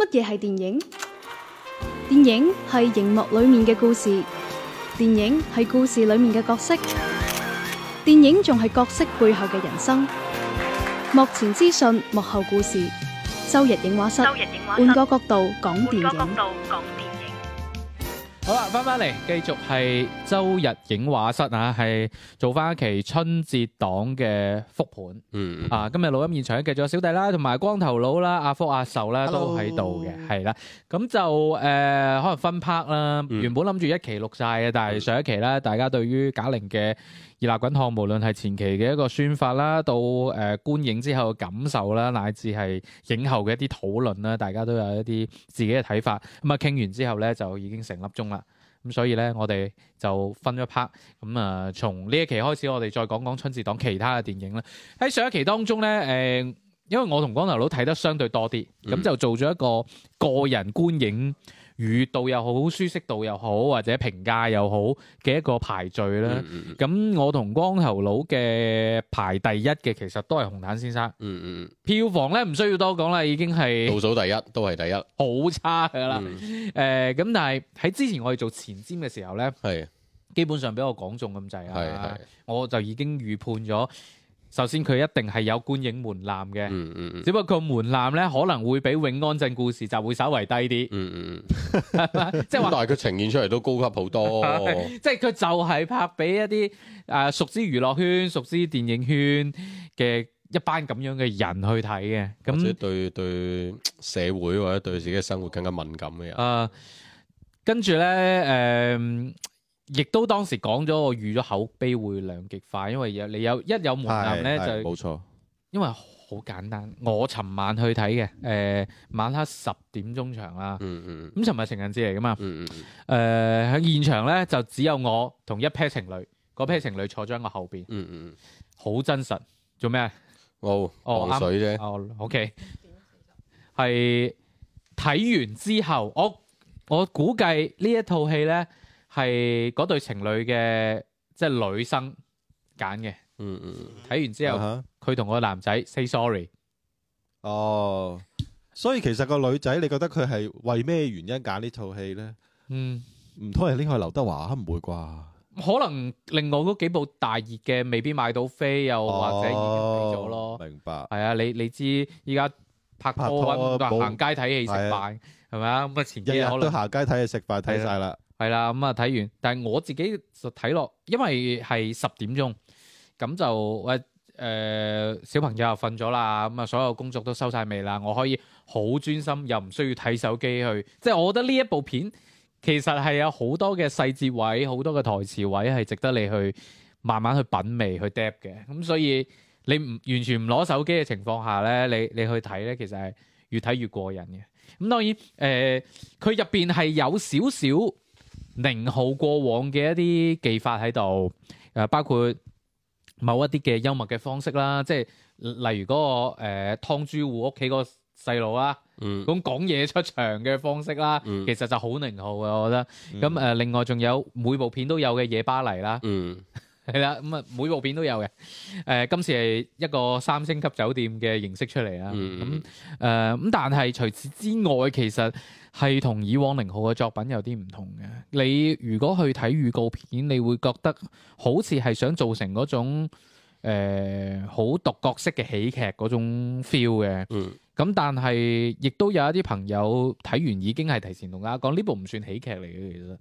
乜嘢係電影？電影係熒幕裏面嘅故事，電影係故事裏面嘅角色，電影仲係角色背後嘅人生。幕前資訊，幕後故事。周日映畫室，換個角度講電影。好啦，翻返嚟，繼續係。周日影畫室啊，係做翻一期春節檔嘅復盤。嗯啊，今日錄音現場繼續有小弟啦，同埋光頭佬啦、阿福、阿壽啦都喺度嘅，係啦。咁嘍就誒、呃、可能分 part 啦。原本諗住一期錄晒嘅，嗯、但係上一期咧，嗯、大家對於賈玲嘅《熱辣滾燙》，無論係前期嘅一個宣發啦，到誒、呃、觀影之後嘅感受啦，乃至係影後嘅一啲討論啦，大家都有一啲自己嘅睇法。咁啊，傾完之後咧，就已經成粒鐘啦。咁所以咧，我哋就分咗 part，咁啊，從呢一期開始，我哋再講講春節檔其他嘅電影啦。喺上一期當中咧，誒，因為我同光頭佬睇得相對多啲，咁、嗯、就做咗一個個人觀影。預度又好，舒適度又好，或者評價又好嘅一個排序啦。咁、嗯嗯、我同光頭佬嘅排第一嘅，其實都係紅毯先生。嗯嗯。嗯，票房咧唔需要多講啦，已經係倒數第一，都係第一，好差噶啦。誒咁，但係喺之前我哋做前瞻嘅時候咧，係的基本上俾我講中咁滯啦。係係，我就已經預判咗。首先佢一定係有觀影門檻嘅，嗯嗯、只不過門檻咧可能會比永安鎮故事集會稍為低啲。嗯嗯嗯、 即係話說， 但係佢呈現出嚟都高級好多。 即係佢就係拍俾一啲誒、呃、熟知娛樂圈、熟知電影圈嘅一班咁樣嘅人去睇嘅。咁或者對，對社會或者對自己生活更加敏感嘅人。呃、跟住咧，誒、呃。亦都當時講咗，我預咗口碑會兩極化，因為有你有一有門檻咧，就冇錯，錯因為好簡單。我尋晚去睇嘅，誒、呃、晚黑十點鐘場啦。嗯嗯。咁尋日情人節嚟噶嘛？嗯嗯嗯。誒喺、呃、現場咧，就只有我同一批情侶，嗰 pair、嗯、情侶坐咗喺我後邊、嗯。嗯嗯嗯。好真實，做咩？哦，防水啫。哦，OK，係睇完之後，我我估計呢一套戲咧。呢係嗰對情侶嘅，即係女生揀嘅。嗯嗯，睇完之後，佢同、uh huh. 個男仔 say sorry。哦，oh, 所以其實個女仔，你覺得佢係為咩原因揀呢套戲咧？嗯，唔通係拎去劉德華？唔會啩？可能另外嗰幾部大熱嘅未必買到飛，又或者已經飛咗咯。Oh, 明白。係啊，你你知依家拍拖行拖、嗯、街睇戲食飯係咪啊？咁啊沒的、嗯，前幾日都行街睇戲食飯睇晒啦。係啦，咁啊睇完，但係我自己就睇落，因為係十點鐘，咁就誒誒、呃，小朋友又瞓咗啦，咁啊所有工作都收晒尾啦，我可以好專心又唔需要睇手機去，即係我覺得呢一部片其實係有好多嘅細節位，好多嘅台詞位係值得你去慢慢去品味去 deep 嘅。咁、嗯、所以你唔完全唔攞手機嘅情況下咧，你你去睇咧，其實係越睇越過癮嘅。咁、嗯、當然誒，佢入邊係有少少。寧浩過往嘅一啲技法喺度，誒、呃、包括某一啲嘅幽默嘅方式啦，即係例如嗰、那個誒劏、呃、豬戶屋企個細路啦，咁、嗯、講嘢出場嘅方式啦，嗯、其實就好寧浩嘅，我覺得。咁誒、嗯呃，另外仲有每部片都有嘅夜巴黎啦，係啦、嗯，咁啊 每部片都有嘅。誒、呃、今次係一個三星級酒店嘅形式出嚟啦。咁誒咁，但係除此之外，其實係同以往寧浩嘅作品有啲唔同嘅。你如果去睇預告片，你會覺得好似係想做成嗰種呃、好獨角色嘅喜劇嗰種 feel 嘅。嗯。咁但係亦都有一啲朋友睇完已經係提前同大家講呢部唔算喜劇嚟嘅。其實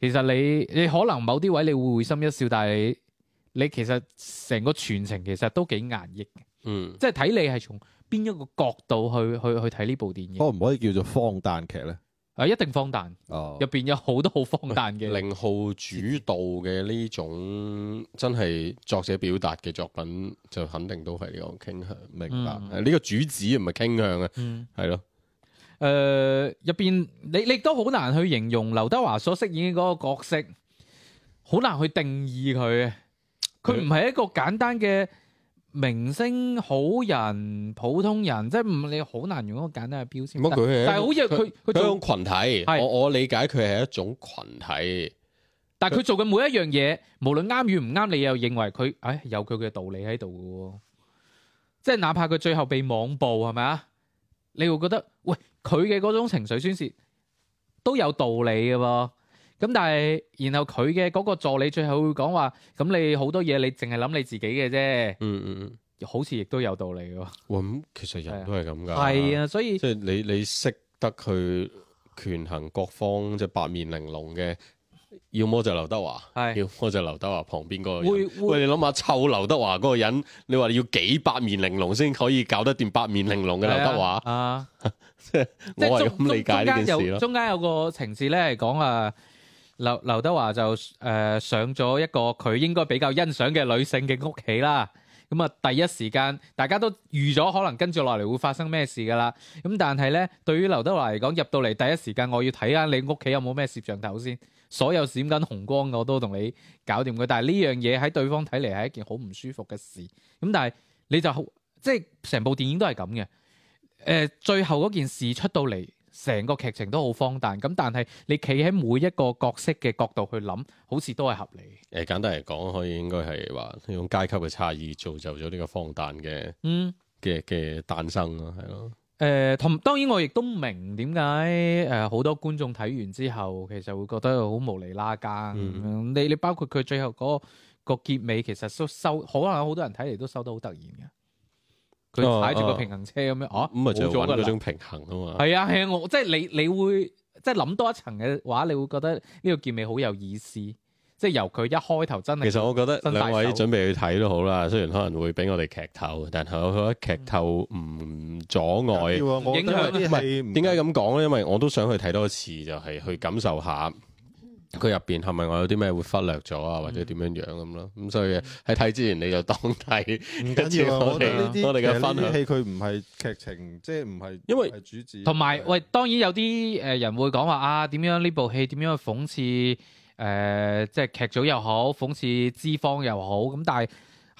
其實你你可能某啲位你會會心一笑，但係你，你其實成個全程其實都幾壓抑嘅。嗯。即係睇你係從。邊一個角度去去去睇呢部電影？可唔可以叫做荒誕劇咧？啊、嗯，一定荒誕！哦，入邊有好多好荒誕嘅。零號主導嘅呢種真係作者表達嘅作品，就肯定都係呢個傾向。明白？誒、嗯，呢個主旨唔係傾向啊，嗯，係咯了。誒、呃，入邊你你都好難去形容劉德華所飾演嘅嗰個角色，好難去定義佢。佢唔係一個簡單嘅。欸明星、好人、普通人，即係唔你好難用一個簡單嘅標籤。但係好似佢佢做群體，我我理解佢係一種群體。但係佢做嘅每一樣嘢，他無論啱與唔啱，你又認為佢誒有佢嘅道理喺度嘅，即係哪怕佢最後被網暴係咪啊？你會覺得喂佢嘅嗰種情緒宣洩都有道理嘅，喔。咁但係，然後佢嘅嗰個助理最後會講話，咁你好多嘢，你淨係諗你自己嘅啫、嗯。嗯嗯嗯，好似亦都有道理嘅。其實人都係咁噶。係啊，所以即係你你識得去權衡各方，即、就、係、是、八面玲瓏嘅，要麼就劉德華，是要麼就劉德華旁邊嗰個人。喂，你諗下湊劉德華嗰個人，你話要幾百面八面玲瓏先可以搞得掂八面玲瓏嘅劉德華啊？即、啊、係 我係咁理解呢件事咯。中間有個情事咧，係講啊。劉劉德華就誒、呃、上咗一個佢應該比較欣賞嘅女性嘅屋企啦，咁、嗯、啊第一時間大家都預咗可能跟住落嚟會發生咩事噶啦，咁、嗯、但係咧對於劉德華嚟講入到嚟第一時間我要睇下你屋企有冇咩攝像頭先，所有閃緊紅光我都同你搞掂佢，但係呢樣嘢喺對方睇嚟係一件好唔舒服嘅事，咁、嗯、但係你就好即係成部電影都係咁嘅，誒、呃、最後嗰件事出到嚟。成個劇情都好荒誕，咁但係你企喺每一個角色嘅角度去諗，好似都係合理。誒簡單嚟講，可以應該係話呢種階級嘅差異造就咗呢個荒誕嘅，嗯嘅嘅誕生咯，係咯。誒、呃、同當然我亦都唔明點解誒好多觀眾睇完之後，其實會覺得好無厘啦。㗎、嗯。你、嗯、你包括佢最後嗰、嗰個嗰個結尾，其實收收，可能有好多人睇嚟都收得好突然嘅。佢踩住個平衡車咁樣，哦、啊，咁咪就係嗰種平衡啊嘛。係啊係啊，我即係你，你會即係諗多一層嘅話，你會覺得呢個結尾好有意思。即係由佢一開頭真係。其實我覺得兩位準備去睇都好啦，雖然可能會俾我哋劇透，但係我覺得劇透唔阻礙。點解咁講咧？因為我都想去睇多一次，就係去感受下。佢入邊係咪我有啲咩會忽略咗啊？或者點樣樣咁咯？咁、嗯、所以喺睇之前你就當睇，唔緊要啊！ 我呢啲我哋嘅分享，佢唔係劇情，即係唔係因為係主旨同埋，有是喂，當然有啲誒人會講話啊，點樣呢部戲點樣去諷刺誒，即、呃、係、就是、劇組又好，諷刺資方又好，咁但係。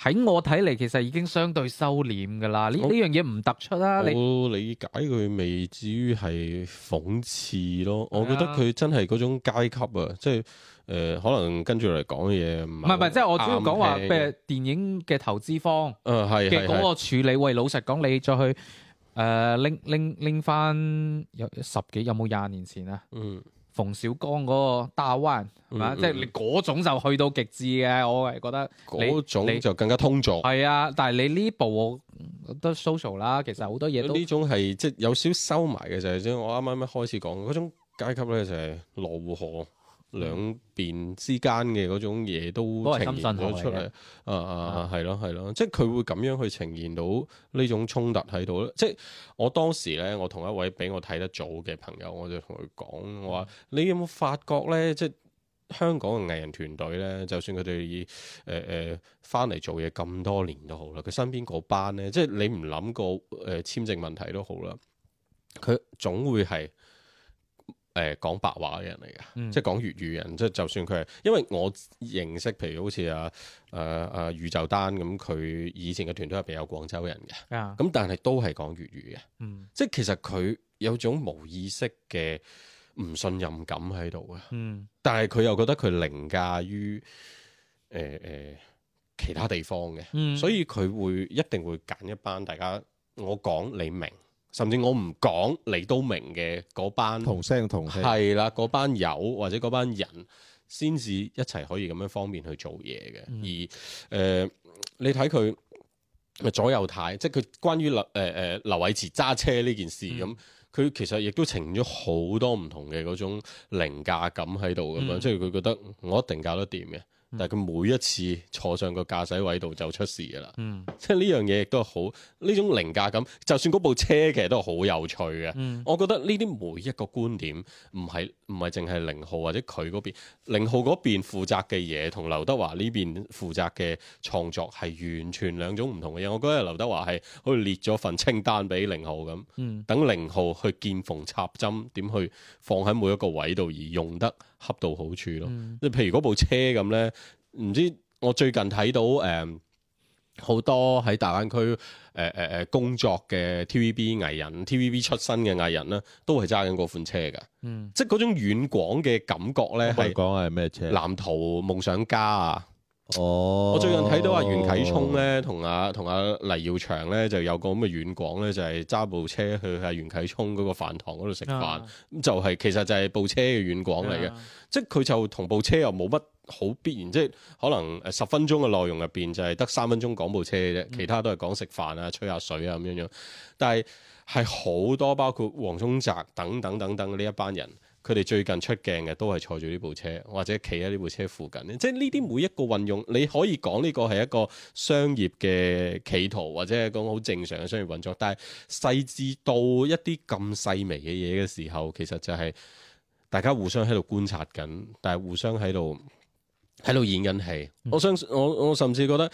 喺我睇嚟，其實已經相對收斂㗎喇。呢呢樣嘢唔突出啊。我理解佢未至於係諷刺咯。是啊、我覺得佢真係嗰種階級啊，即係誒、呃、可能跟住嚟講嘅嘢唔係唔係，即係正正我主要講話誒正電影嘅投資方、呃。誒係嘅嗰個處理。喂，老實講，你再去誒拎拎拎返有十幾有冇廿年前啊？嗯。馮小剛嗰個大灣係咪、嗯、即係你嗰種就去到極致嘅，我係覺得嗰種就更加通俗。係啊，但係你呢部我覺得 social 啦，其實好多嘢都呢種係即係有少收埋嘅，就係即係我啱啱開始講嗰種階級咧，就係羅湖河。兩邊之間嘅嗰種嘢都呈現咗出嚟、啊，啊啊，係咯係咯，嗯、即係佢會咁樣去呈現到呢種衝突喺度咧。即係我當時咧，我同一位比我睇得早嘅朋友，我就同佢講，我話：你有冇發覺咧？即係香港嘅藝人團隊咧，就算佢哋以誒誒翻嚟做嘢咁多年都好啦，佢身邊嗰班咧，即係你唔諗過誒簽、呃、證問題都好啦，佢總會係，誒，講、呃、白話嘅人嚟㗎，嗯、即係講粵語人，即係就算佢係，因為我認識，譬如好似阿阿阿宇宙丹咁，佢、嗯、以前嘅團隊入邊有廣州人嘅，咁、啊嗯、但係都係講粵語嘅，嗯、即係其實佢有種無意識嘅唔信任感喺度啊，嗯、但係佢又覺得佢凌駕於誒誒其他地方嘅，嗯、所以佢會一定會揀一班大家我講你明。甚至我唔講你都明嘅嗰班同聲同氣係啦，嗰班友或者嗰班人先至一齊可以咁樣方便去做嘢嘅。嗯、而誒、呃，你睇佢咪左右太，即係佢關於、呃呃、劉誒誒劉偉馳揸車呢件事咁，佢、嗯、其實亦都呈現咗好多唔同嘅嗰種凌駕感喺度咁樣，嗯、即係佢覺得我一定搞得掂嘅。但係佢每一次坐上個駕駛位度就出事㗎啦，即係呢樣嘢亦都係好呢種凌駕感，就算嗰部車其實都係好有趣嘅，嗯、我覺得呢啲每一個觀點唔係唔係淨係寧浩或者佢嗰邊寧浩嗰邊負責嘅嘢，同劉德華呢邊負責嘅創作係完全兩種唔同嘅嘢。我覺得劉德華係好似列咗份清單俾寧浩咁，嗯、等寧浩去見縫插針點去放喺每一個位度而用得。恰到好處咯，即係譬如嗰部車咁咧，唔知我最近睇到誒好、呃、多喺大灣區誒誒誒工作嘅 TVB 藝人、TVB 出身嘅藝人咧，都係揸緊嗰款車噶，嗯、即係嗰種遠廣嘅感覺咧，係講係咩車？嵐圖夢想家啊！哦，我最近睇到阿袁啟聰咧，同阿同阿黎耀祥咧就有個咁嘅軟廣咧，就係、是、揸部車去阿袁啟聰嗰個飯堂嗰度食飯，咁、啊、就係、是、其實就係部車嘅軟廣嚟嘅，啊、即係佢就同部車又冇乜好必然，即係可能誒十分鐘嘅內容入邊就係得三分鐘講部車嘅啫，其他都係講食飯啊、吹下水啊咁樣樣，但係係好多包括黃宗澤等等等等呢一班人。佢哋最近出鏡嘅都係坐住呢部車，或者企喺呢部車附近。即係呢啲每一個運用，你可以講呢個係一個商業嘅企圖，或者係講好正常嘅商業運作。但係細緻到一啲咁細微嘅嘢嘅時候，其實就係大家互相喺度觀察緊，但係互相喺度喺度演緊戲。嗯、我相信我我甚至覺得，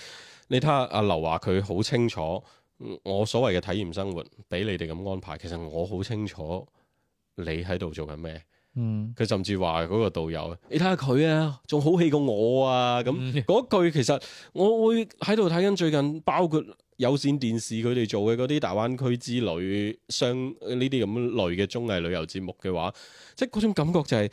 你睇下阿劉華，佢好清楚，我所謂嘅體驗生活俾你哋咁安排，其實我好清楚你喺度做緊咩。嗯，佢甚至話嗰個導遊，嗯、你睇下佢啊，仲好氣過我啊，咁嗰、嗯、句其實我會喺度睇緊最近，包括有線電視佢哋做嘅嗰啲大灣區之旅相呢啲咁類嘅綜藝旅遊節目嘅話，即係嗰種感覺就係、是。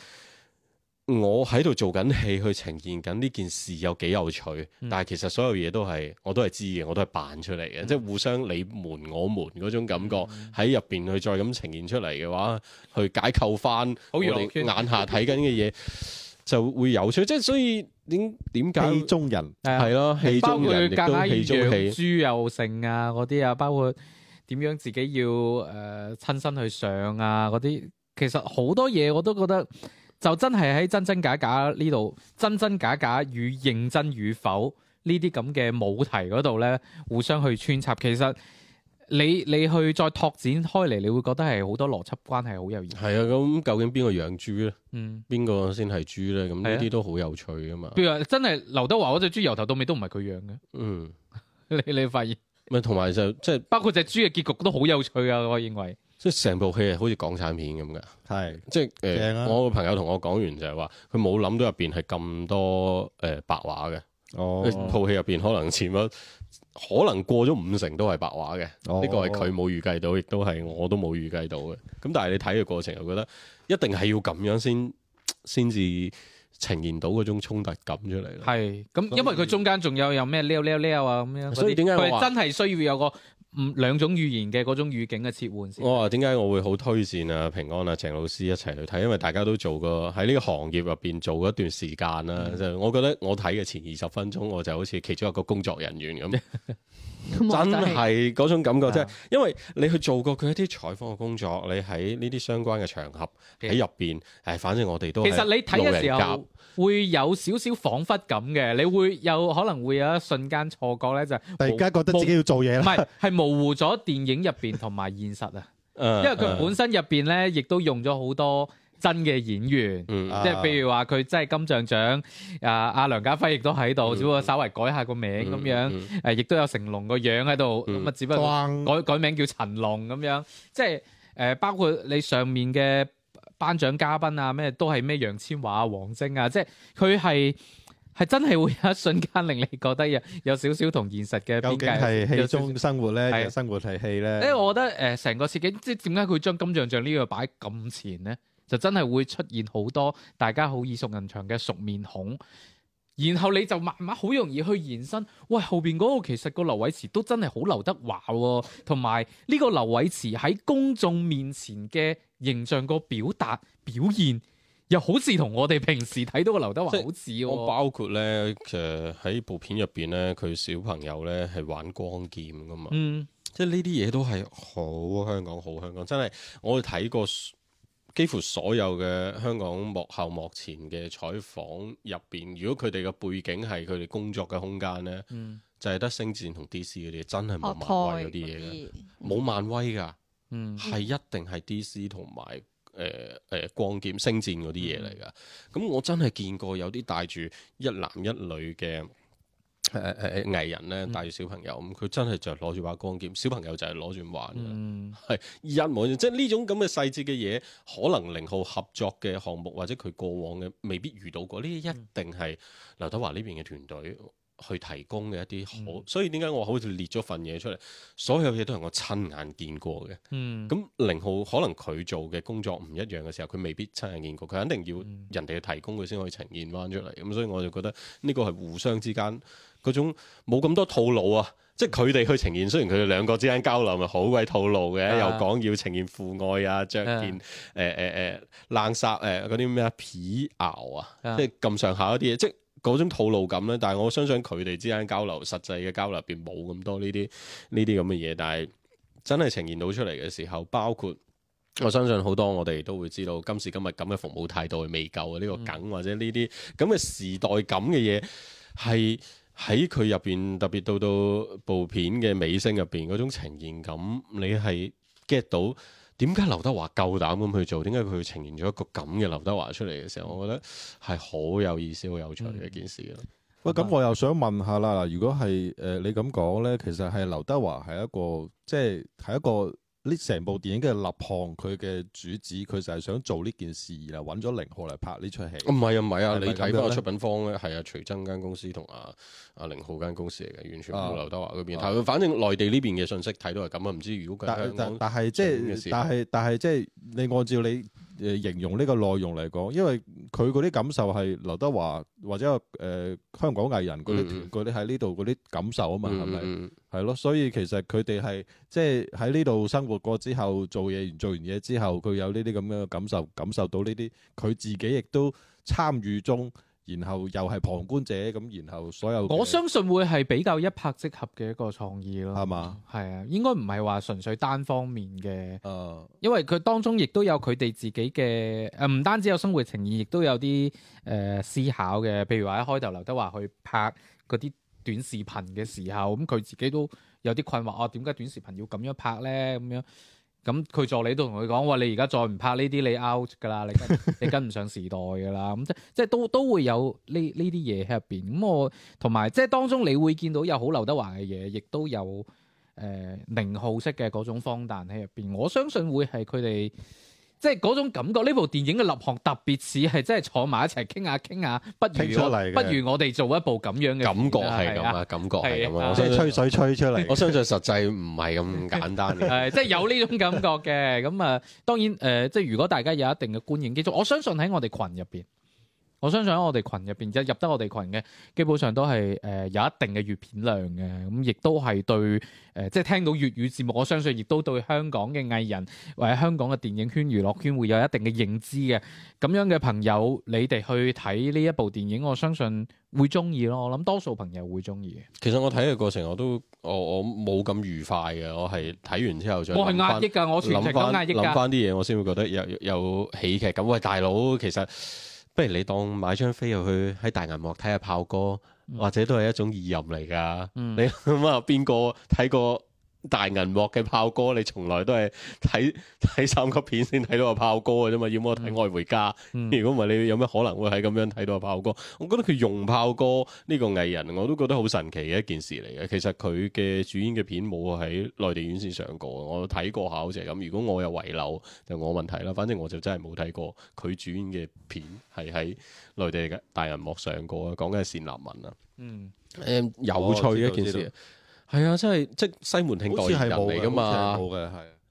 我喺度做緊戲，去呈現緊呢件事有幾有趣。嗯、但係其實所有嘢都係，我都係知嘅，我都係扮出嚟嘅，嗯、即係互相你瞞我瞞嗰種感覺喺入邊去再咁呈現出嚟嘅話，去解構翻我哋眼下睇緊嘅嘢，嗯嗯、就會有趣。即係所以點點解？戲中人係咯，戲、啊、對了、戲中人亦都戲中戲，豬又剩啊嗰啲啊，包括點樣自己要誒親、呃、身去上啊嗰啲。其實好多嘢我都覺得。就真係喺真真假假呢度，真真假假與認真與否呢啲咁嘅母題嗰度咧，互相去穿插。其實你你去再拓展開嚟，你會覺得係好多邏輯關係好有意思。係啊，咁究竟邊個養豬咧？嗯，邊個先係豬咧？咁呢啲都好有趣噶嘛。譬如話真係劉德華嗰隻豬由頭到尾都唔係佢養嘅。嗯， 你你發現咪同埋就即係包括隻豬嘅結局都好有趣啊！我認為。即係成部戲啊，好似港產片咁嘅。係是，即係誒、啊呃，我個朋友同我講完就係話，佢冇諗到入邊係咁多誒、呃、白話嘅。哦，套戲入邊可能潛咗，可能過咗五成都係白話嘅。呢個係佢冇預計到，亦都係我都冇預計到嘅。咁但係你睇嘅過程，我覺得一定係要咁樣先先至。呈現到嗰種衝突感出嚟咯，係咁，嗯、以因為佢中間仲有有咩撩撩撩啊咁樣，所以點解佢真係需要有個唔兩種語言嘅嗰種語境嘅切換先。我話點解我會好推薦啊平安啊鄭老師一齊去睇，因為大家都做過喺呢個行業入邊做過一段時間啦、啊，就的我覺得我睇嘅前二十分鐘，我就好似其中一個工作人員咁。 真係嗰種感覺，即係、嗯，因為你去做過佢一啲採訪嘅工作，你喺呢啲相關嘅場合喺入邊，誒實，反正我哋都其實你睇嘅時候會有少少恍惚感嘅，你會有可能會有一瞬間錯覺咧，就係而家覺得自己要做嘢，唔係，係模糊咗電影入邊同埋現實啊， 嗯、因為佢本身入邊咧亦都用咗好多。真嘅演員，嗯、即係譬如話佢真係金像獎，嗯、啊啊梁家輝亦都喺度，嗯、只不過稍微改下個名咁樣，誒亦都有成龍個樣喺度，咁啊，只不過改改名叫陳龍咁樣，嗯嗯、即係誒包括你上面嘅頒獎嘉賓啊，咩都係咩楊千嬅啊、王晶啊，即係佢係係真係會有一瞬間令你覺得有，有少少同現實嘅究竟係戲中生活咧，少少的生活係戲咧？誒，我覺得誒成、呃、個設計即係點解佢將金像獎呢個擺咁前咧？就真係會出現好多大家好耳熟能詳嘅熟面孔，然後你就慢慢好容易去延伸，喂，後邊嗰個其實個劉偉馳都真係好劉德華、喎，同埋呢個劉偉馳喺公眾面前嘅形象個表達表現，又好似同我哋平時睇到個劉德華好似、喎。包括咧，誒喺部片入邊咧，佢小朋友咧係玩光劍噶嘛，嗯、即係呢啲嘢都係好香港好，好香港，真係我哋睇過。幾乎所有嘅香港幕後幕前嘅採訪入邊，如果佢哋嘅背景係佢哋工作嘅空間咧，嗯、就係得星戰同 DC 嗰啲，真係冇漫威嗰啲嘢啦，冇漫威噶、哦，係、嗯、一定係 DC 同埋誒誒光劍星戰嗰啲嘢嚟噶。咁、嗯、我真係見過有啲帶住一男一女嘅。誒誒誒，藝 人咧，帶住小朋友，咁佢真係就攞住把光劍，小朋友就係攞住玩嘅。係、嗯、一模即係呢種咁嘅細節嘅嘢，可能零號合作嘅項目或者佢過往嘅未必遇到過，呢啲一定係劉德華呢邊嘅團隊去提供嘅一啲好，所以點解我好似列咗份嘢出嚟，所有嘢都係我親眼見過嘅，咁零號可能佢做嘅工作唔一樣嘅時候，佢未必親眼見過，佢肯定要人哋去提供佢先可以呈現翻出嚟，咁、啊、所以我就覺得呢個係互相之間。嗰種冇咁多套路啊，即係佢哋去呈現。雖然佢哋兩個之間交流咪好鬼套路嘅，的又講要呈現父愛啊，著件誒誒誒冷衫誒嗰啲咩啊、皮褸啊，即係咁上下一啲嘢，即係嗰種套路感咧。但係我相信佢哋之間交流，實際嘅交流入邊冇咁多呢啲呢啲咁嘅嘢。但係真係呈現到出嚟嘅時候，包括我相信好多我哋都會知道今時今日咁嘅服務態度係未夠啊，呢個梗或者呢啲咁嘅時代感嘅嘢係。喺佢入邊，特別到到部片嘅尾聲入邊嗰種呈現感，你係 get 到點解劉德華夠膽咁去做？點解佢呈現咗一個咁嘅劉德華出嚟嘅時候，我覺得係好有意思、好有趣嘅一件事咯。喂、嗯，咁、嗯、我又想問下啦，如果係誒、呃、你咁講咧，其實係劉德華係一個即係係一個。呢成部電影嘅立項，佢嘅主旨，佢就係想做呢件事而嚟揾咗寧浩嚟拍呢出戲。唔係啊，唔係啊，啊，是是你睇翻出品方咧，係啊，徐崢間公司同阿阿寧浩間公司嚟嘅，完全冇劉德華嗰邊。啊、反正內地呢邊嘅信息睇到係咁啊。唔知如果佢。但但係即係，但係、就是、但係即係你按照你。誒，形容呢個內容嚟講，因為佢嗰啲感受係劉德華或者誒、呃、香港藝人嗰啲啲喺呢度嗰啲感受啊嘛，係咪、mm？係、hmm. 咯，所以其實佢哋係即係喺呢度生活過之後，做嘢完做完嘢之後，佢有呢啲咁樣嘅感受，感受到呢啲佢自己亦都參與中。然後又係旁觀者咁，然後所有我相信會係比較一拍即合嘅一個創意咯，係嘛？係啊，應該唔係話純粹單方面嘅，誒、呃，因為佢當中亦都有佢哋自己嘅誒，唔單止有生活情意，亦都有啲誒、呃、思考嘅。譬如話一開頭劉德華去拍嗰啲短視頻嘅時候，咁、嗯、佢自己都有啲困惑，我點解短視頻要咁樣拍呢？咁樣。咁佢助理都同佢講話，你而家再唔拍呢啲，你 out 㗎啦，你跟你跟唔上時代㗎啦。咁 即即都都會有呢呢啲嘢喺入邊。咁我同埋即係當中，你會見到有好劉德華嘅嘢，亦都有誒寧、呃、浩式嘅嗰種荒誕喺入邊。我相信會係佢哋。.即係嗰種感覺，呢部電影嘅立項特別似係真係坐埋一齊傾下傾下，不如不如我哋做一部咁樣嘅感覺係咁啊，感覺係咁啊，吹水吹出嚟。我相信實際唔係咁簡單嘅。 係即係有呢種感覺嘅咁啊， 當然誒、呃，即係如果大家有一定嘅觀影基礎，我相信喺我哋群入邊。我相信喺我哋群入邊，即入得我哋群嘅，基本上都係誒、呃、有一定嘅閱片量嘅，咁亦都係對誒、呃、即係聽到粵語節目。我相信亦都對香港嘅藝人或者香港嘅電影圈、娛樂圈會有一定嘅認知嘅。咁樣嘅朋友，你哋去睇呢一部電影，我相信會中意咯。我諗多數朋友會中意。其實我睇嘅過程我，我都我我冇咁愉快嘅。我係睇完之後再我係壓抑噶，我全程都壓抑。諗翻啲嘢，我先會覺得有有喜劇感。喂，大佬，其實。不如你當買張飛入去喺大銀幕睇下炮哥，嗯、或者都係一種意淫嚟㗎。你諗下邊個睇過？大銀幕嘅炮哥，你從來都係睇睇三級片先睇到個炮哥嘅啫嘛，要麼睇愛回家。如果唔係，你有咩可能會係咁樣睇到個炮哥？我覺得佢用炮哥呢個藝人，我都覺得好神奇嘅一件事嚟嘅。其實佢嘅主演嘅片冇喺內地院線上過，我睇過下好似係咁。如果我有遺漏，就我問題啦。反正我就真係冇睇過佢主演嘅片係喺內地嘅大銀幕上過啊，講緊係善立文啊。嗯，誒、嗯、有趣嘅一件事。哦。係啊，真即係即係西門慶代人嚟噶嘛，冇嘅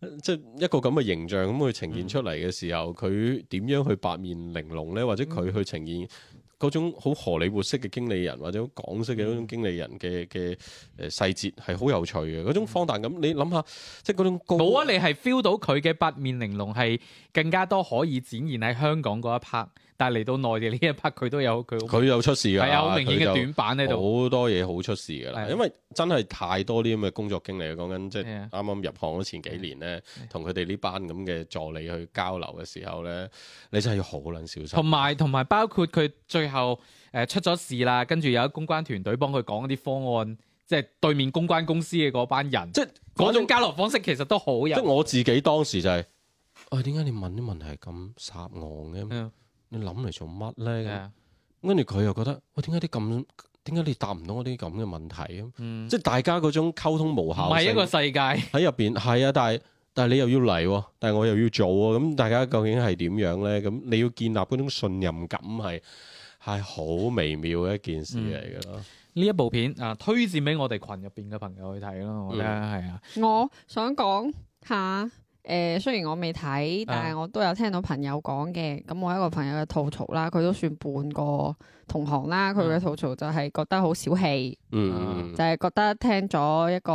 係，即係一個咁嘅形象咁去呈現出嚟嘅時候，佢點、嗯、樣去八面玲瓏咧？或者佢去呈現嗰種好合理活式嘅經理人，或者港式嘅嗰種經理人嘅嘅誒細節係好有趣嘅嗰、嗯、種荒誕咁。你諗下，即係嗰種冇啊，你係 feel 到佢嘅八面玲瓏係更加多可以展現喺香港嗰一 part。但嚟到內地呢一 part，佢都有佢佢有出事噶，係啊，好明顯嘅短板喺度好多嘢好出事噶啦。是的 因為真係太多啲咁嘅工作經歷，講緊即係啱啱入行嗰前幾年咧，同佢哋呢班咁嘅助理去交流嘅時候咧，你真係要好捻小心、啊。同埋同埋，包括佢最後誒、呃、出咗事啦，跟住有公關團隊幫佢講一啲方案，即係的對面公關公司嘅嗰班人，即係嗰種交流方式其實都好有。即係我自己當時就係、是、喂，點、哎、解你問啲問題係咁殺昂嘅？你諗嚟做乜咧？跟住佢又覺得，喂，點解啲咁？點解你答唔到我啲咁嘅問題？Mm. 即係大家嗰種溝通無效，唔係一個世界喺入邊。係啊，但係但係你又要嚟、啊，但係我又要做啊。咁大家究竟係點樣咧？咁你要建立嗰種信任感，係係好微妙嘅一件事嚟嘅咯。呢、mm. 一部片啊，推薦俾我哋群入邊嘅朋友去睇咯。我覺得，係、mm. 啊，我想講下。誒、呃，雖然我未睇，但係我都有聽到朋友講嘅。咁、啊嗯、我一個朋友嘅吐槽啦，佢都算半個同行啦。佢嘅吐槽就係覺得好小氣，嗯、就係覺得聽咗一個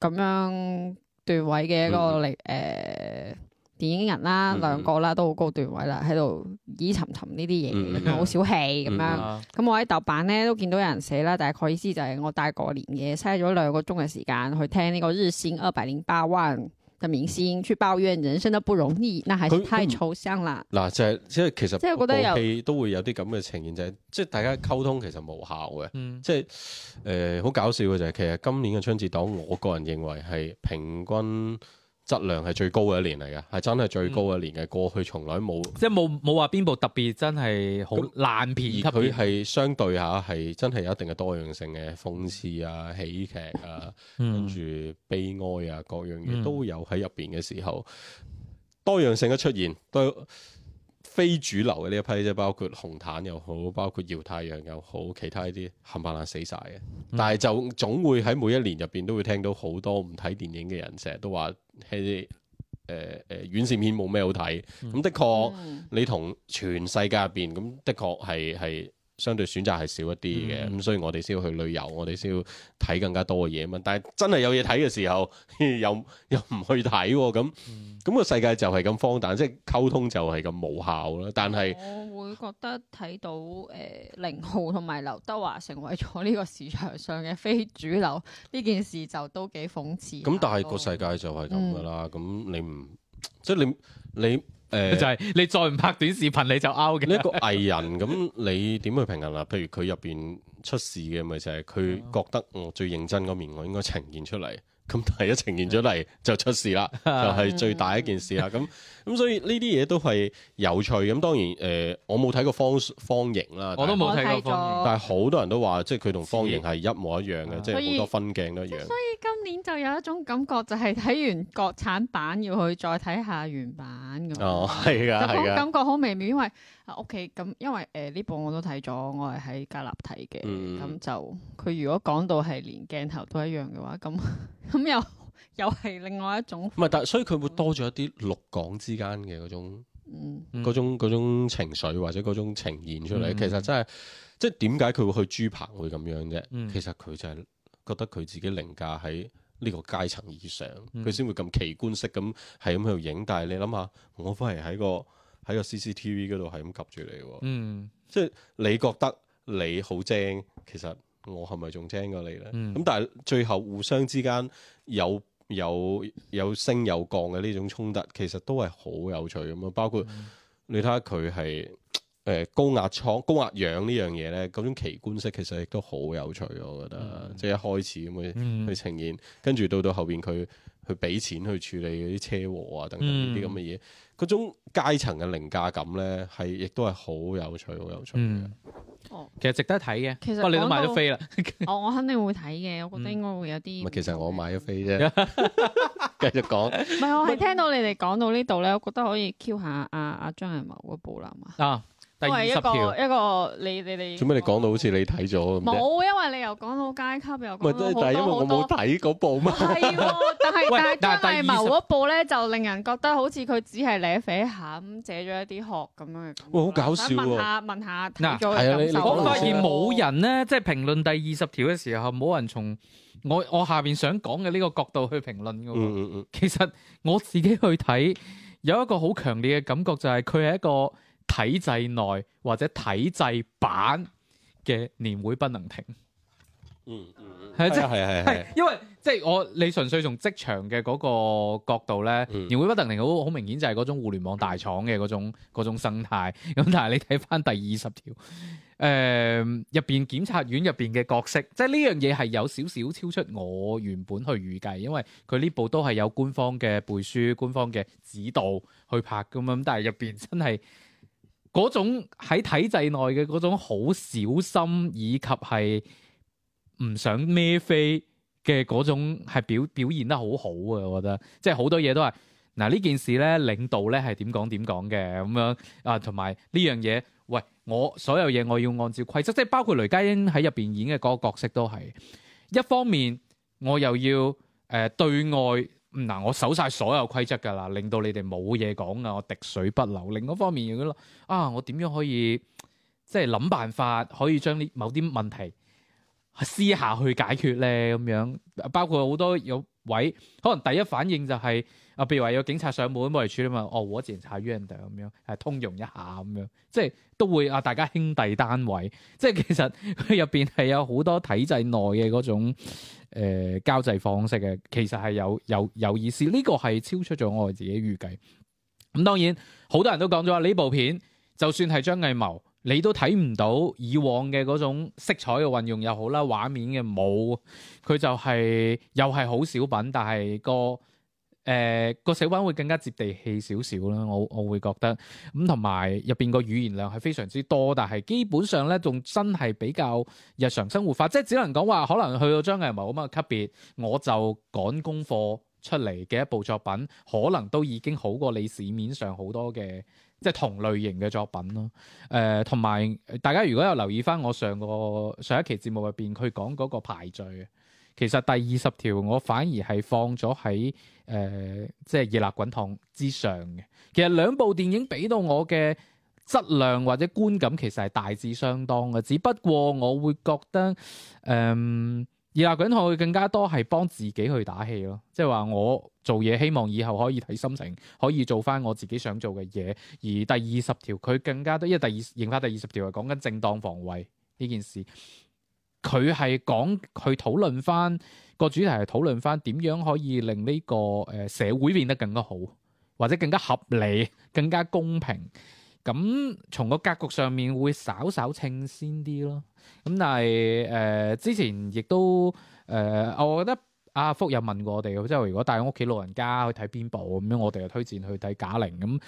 咁樣段位嘅一個力誒、嗯呃、電影人啦，兩個啦、嗯、都好高段位啦，喺度依沉沉呢啲嘢，好、嗯、小氣咁、嗯、樣。咁、嗯啊嗯、我喺豆瓣咧都見到有人寫啦，大概意思就係我大過年嘅，嘥咗兩個鐘嘅時間去聽呢個日薪二百零八萬嘅明星去抱怨人生的不容易，那還是太抽象啦。嗱、啊，就係即係其實，即係我覺得有都會有啲咁嘅呈現，就係即係大家溝通其實無效嘅。嗯，即係誒，好、呃、搞笑嘅就係、是，其實今年嘅春節檔，我個人認為係平均質量係最高嘅一年嚟嘅，係真係最高嘅一年嘅。嗯、過去從來冇，即係冇冇話邊部特別真係好爛片。而佢係相對下係真係有一定嘅多樣性嘅，諷刺啊、喜劇啊、跟住、嗯、悲哀啊，各樣嘢都有喺入邊嘅時候，嗯、多樣性嘅出現。都非主流嘅呢一批，即係包括紅毯又好，包括搖太陽又好，其他啲冚唪唥死晒嘅。但係就總會喺每一年入邊都會聽到好多唔睇電影嘅人成日都話。係啲誒誒院線片冇咩好睇，咁、嗯、的確、嗯、你同全世界入邊，咁的確係係。相對選擇係少一啲嘅，咁所以我哋先要去旅遊，我哋先要睇更加多嘅嘢嘛。但係真係有嘢睇嘅時候， 又又唔去睇喎、啊，咁咁個世界就係咁荒誕，即係溝通就係咁無效啦。但係我會覺得睇到誒、呃、寧浩同埋劉德華成為咗呢個市場上嘅非主流，呢件事就都幾諷刺、啊。咁、嗯、但係個世界就係咁噶啦，咁、嗯、你唔即係你你。你你欸、就係你再唔拍短視頻你就 out 嘅。呢一個藝人咁， 你點去平衡啊？譬如佢入邊出事嘅，咪就係佢覺得我最認真嗰面，我應該呈現出嚟。咁第一呈現咗嚟就出事啦，就係、是、最大一件事啦。咁咁 所以呢啲嘢都係有趣。咁當然誒、呃，我冇睇過方方形啦，我都冇睇過方形，但係好多人都話即係佢同方形係一模一樣嘅，的即係好多分鏡都一樣。所以，所以今年就有一種感覺，就係睇完國產版要去再睇下原版咁。哦，係㗎，係㗎很。的感覺好微妙，因為。屋企，OK 咁因為誒呢、呃、部我都睇咗，我係喺加納睇嘅，咁、嗯、就佢如果講到係連鏡頭都一樣嘅話，咁咁 又又係另外一種。唔係，但係所以佢會多咗一啲陸港之間嘅嗰種，嗰種情緒或者嗰種呈現出嚟。嗯、其實真係，即係點解佢會去豬棚會咁樣啫？嗯、其實佢就係覺得佢自己凌駕喺呢個階層以上，佢先、嗯、會咁奇觀式咁係咁喺度影。但係你諗下，我反而喺個。喺個 CCTV 嗰度係咁 𥄫 住你喎，嗯，即係你覺得你好精，其實我係咪仲精過你咧？咁、嗯、但係最後互相之間有有有，有升有降嘅呢種衝突，其實都係好有趣咁啊！包括你睇下佢係誒高壓艙、高壓氧呢樣嘢咧，嗰種奇觀式其實亦都好有趣，我覺得。即、嗯、一開始咁去去呈現，跟住、嗯嗯、到到後邊佢。去俾錢去處理嗰啲車禍啊，等等呢啲咁嘅嘢，嗰、嗯、種階層嘅凌駕感咧，係亦都係好有趣，好有趣哦，嗯、其實值得睇嘅。其實你都買咗飛啦。我、 哦、我肯定會睇嘅，我覺得應該會有啲、嗯。其實我買咗飛啫。 繼續講。唔係，我係聽到你哋講到呢度咧， 我覺得可以 Q 下阿、啊、阿、啊啊、張藝謀嗰部啦嘛。第二十條，一個你你哋做咩？你講到好似你睇咗。冇，因為你又講到階級，又講到好多好多。但係因為我冇睇嗰部嘛。係。但係但係張藝謀嗰部咧，就令人覺得好似佢只係咧肥下咁，借咗一啲殼咁樣，好搞笑喎！問下問下，嗱，係啊，我發現冇人咧，即係評論第二十條嘅時候，冇人從我我下邊想講嘅呢個角度去評論嘅。嗯嗯嗯。其實我自己去睇，有一個好強烈嘅感覺，就係佢係一個。體制內或者體制版嘅年會不能停，嗯，係、嗯、即係係係，哎、呀因為、嗯、即係、嗯、我你純粹從職場嘅嗰個角度咧，年會不能停，好好明顯就係嗰種互聯網大廠嘅嗰種嗰種生態。咁但係你睇翻第二十條，誒、嗯，入邊檢察院入邊嘅角色，即係呢樣嘢係有少少超出我原本去預計，因為佢呢部都係有官方嘅背書、官方嘅指導去拍咁樣，但係入邊真係。嗰種喺體制內嘅嗰種好小心以及係唔想孭飛嘅嗰種係表表現得好好啊！我覺得即係好多嘢都係，嗱，呢件事咧，領導咧係點講點講嘅咁樣啊，同埋呢樣嘢，喂，我所有嘢我要按照規則，即係包括雷佳音喺入邊演嘅嗰個角色都係，一方面我又要誒、呃、對外。嗱、啊，我守晒所有規則噶啦，令到你哋冇嘢講噶，我滴水不漏。另一方面，如果啊，我點樣可以即係諗辦法，可以將呢某啲問題私下去解決咧？咁樣包括好多有。位可能第一反應就係、是、啊，譬如話有警察上門，冇術處理嘛，哦，我自然踩冤得咁樣，係通融一下咁樣，即係都會啊，大家兄弟單位，即係其實佢入邊係有好多體制內嘅嗰種、呃、交際方式嘅，其實係有有有意思，呢、這個係超出咗我哋自己預計。咁當然好多人都講咗話呢部片，就算係張藝謀。你都睇唔到以往嘅嗰種色彩嘅運用好、就是、又好啦，畫面嘅冇，佢就係又係好小品，但係個誒、呃、個寫法會更加接地氣少少啦。我我會覺得咁同埋入邊個語言量係非常之多，但係基本上咧仲真係比較日常生活化，即係只能講話可能去到張藝謀咁嘅級別，我就趕功課。出嚟嘅一部作品，可能都已經好過你市面上好多嘅即係同類型嘅作品咯。誒、呃，同埋大家如果有留意翻我上個上一期節目入邊佢講嗰個排序，其實第二十條我反而係放咗喺誒即係熱辣滾燙之上嘅。其實兩部電影俾到我嘅質量或者觀感其實係大致相當嘅，只不過我會覺得誒。呃而那個人佢更加多係幫自己去打氣咯，即係話我做嘢希望以後可以睇心情，可以做翻我自己想做嘅嘢。而第二十條佢更加多，因為第二刑法第二十條係講緊正當防衛呢件事，佢係講去討論翻個主題係討論翻點樣可以令呢、這個誒、呃、社會變得更加好，或者更加合理、更加公平。咁從個格局上面會稍稍稱先啲咯。咁、嗯、但係誒、呃，之前亦都誒、呃，我覺得阿福有問過我哋，即係如果帶屋企老人家去睇邊部咁樣，我哋又推薦去睇《賈、嗯、玲》咁。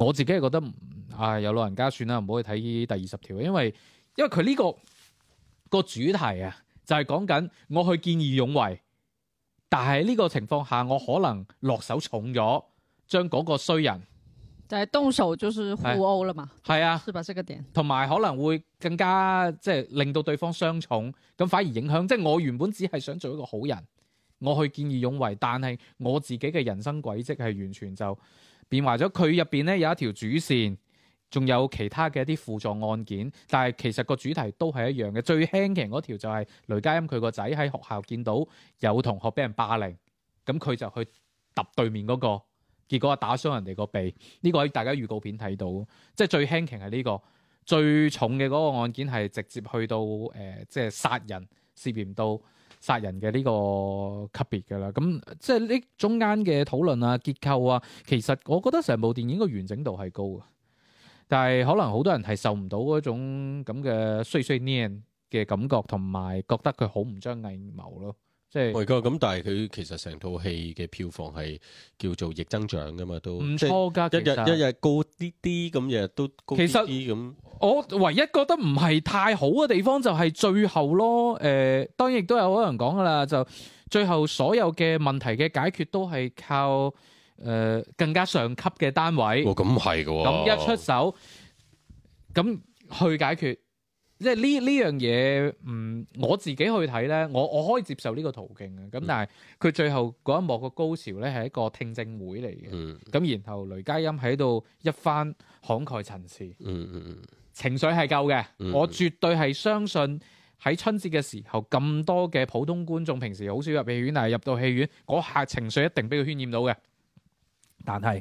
誒，我自己係覺得啊、哎，有老人家算啦，唔好去睇《第二十條》，因為因為佢呢、呢個個主題啊，就係講緊我去見義勇為，但係呢個情況下，我可能落手重咗，將嗰個衰人。但在動手就是互毆了嘛？係啊、就是，是吧？這個點同埋可能會更加即係、就是、令到對方傷重，咁反而影響。即、就、係、是、我原本只係想做一個好人，我去見義勇為，但係我自己嘅人生軌跡係完全就變壞咗。佢入邊咧有一條主線，仲有其他嘅一啲輔助案件，但係其實個主題都係一樣嘅。最輕嘅嗰條就係雷佳音，佢個仔喺學校見到有同學俾人霸凌，咁佢就去揼對面嗰、那個。結果啊，打傷人哋個鼻，呢、呢個喺大家預告片睇到，即係最輕刑係呢個，最重嘅嗰個案件係直接去到誒、呃，即係殺人涉嫌到殺人嘅呢個級別㗎啦。咁即係呢中間嘅討論啊、結構啊，其實我覺得成部電影嘅完整度係高嘅，但係可能好多人係受唔到嗰種咁嘅碎碎念嘅感覺，同埋覺得佢好唔張藝謀咯。即係，係噶咁，但係佢其實成套戲嘅票房係叫做逆增長噶嘛，都唔錯噶是實，一日一日高啲啲，咁日都高啲啲咁。其實我唯一覺得唔係太好嘅地方就係最後咯。誒、呃，當然亦都有可能講噶啦，就最後所有嘅問題嘅解決都係靠誒、呃、更加上級嘅單位。哦，咁係噶，咁一出手，咁去解決。即係呢呢樣嘢，嗯，我自己去睇呢，我我可以接受呢個途徑嘅，咁但係佢最後嗰一幕個高潮呢，係一個聽證會嚟嘅，咁、嗯、然後雷佳音喺度一番慷慨陳詞，情緒係夠嘅，嗯嗯、我絕對係相信喺春節嘅時候咁多嘅普通觀眾，平時好少入戲院，但係入到戲院嗰下，情緒一定俾佢渲染到嘅，但係。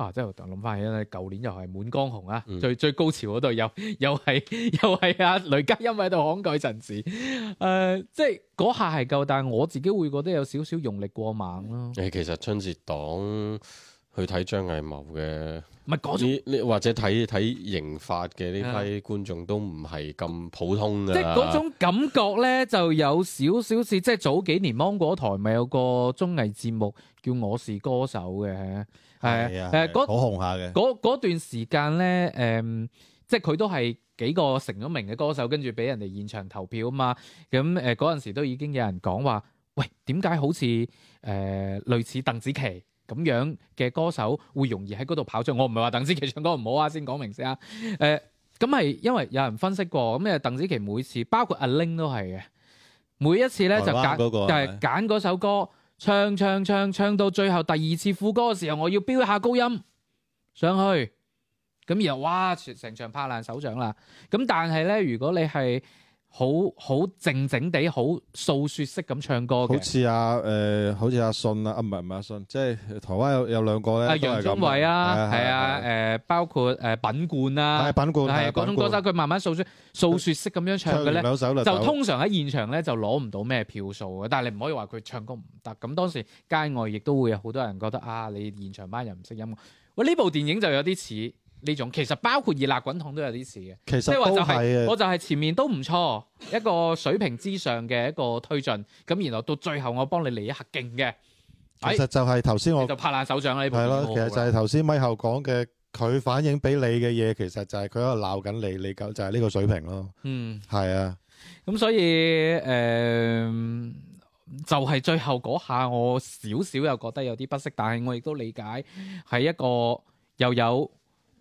啊！即係諗翻起咧，舊年又係滿江紅啊，嗯、最最高潮嗰度又又係又係阿雷佳音喺度慷慨陳詞，誒、呃、即係嗰下係夠，但係我自己會覺得有少少用力過猛咯、啊。誒、嗯，其實春節檔去睇張藝謀嘅。唔係嗰種，或者睇睇刑法嘅呢批觀眾都唔係咁普通嘅。即係嗰種感覺咧，就有少少似，即係早幾年芒果台咪有個綜藝節目叫《我是歌手》嘅，係係啊，好紅下嘅。嗰段時間咧，誒、嗯，即係佢都係幾個成咗名嘅歌手，跟住俾人哋現場投票啊嘛。咁誒嗰陣時都已經有人講話，喂，點解好似誒、呃、類似鄧紫棋咁樣嘅歌手會容易喺嗰度跑出，我唔係話鄧紫棋唱歌唔好啊，先講明先啊。誒、呃，咁係因為有人分析過，咁誒鄧紫棋每次包括阿玲都係嘅，每一次咧就揀就係揀嗰首歌的唱唱唱唱到最後第二次副歌嘅時候，我要飆一下高音上去，咁然後哇成場拍爛手掌啦。咁但係咧，如果你係好好靜靜地，好訴說式咁唱歌嘅、啊呃，好似阿誒，好似阿信啊，啊唔係唔係阿信，即係台灣有有兩個咧，啊楊宗偉啊，係啊誒，包括誒、啊、品冠啊，係、啊、品冠，係嗰、啊、冠種歌手，佢慢慢訴說訴說式咁樣唱嘅咧，首就，就通常喺現場咧就攞唔到咩票數嘅，但係你唔可以話佢唱歌唔得。咁當時街外亦都會有好多人覺得啊，你現場班人唔識音樂。喂，呢部電影就有啲似。呢種其實包括熱辣滾燙都有啲事嘅，其實即係話就係我就係前面都唔錯 一個水平之上嘅一個推進咁，然後到最後我幫你嚟一下勁嘅，哎、其實就係頭先我你就拍爛手掌呢部咯，其實就係頭先咪後講嘅佢反應俾你嘅嘢，其實就係佢喺度鬧緊你，你就就係呢個水平咯。嗯，係啊，咁所以誒、呃、就係、是、最後嗰下，我少少又覺得有啲不適，但係我亦都理解係一個又有。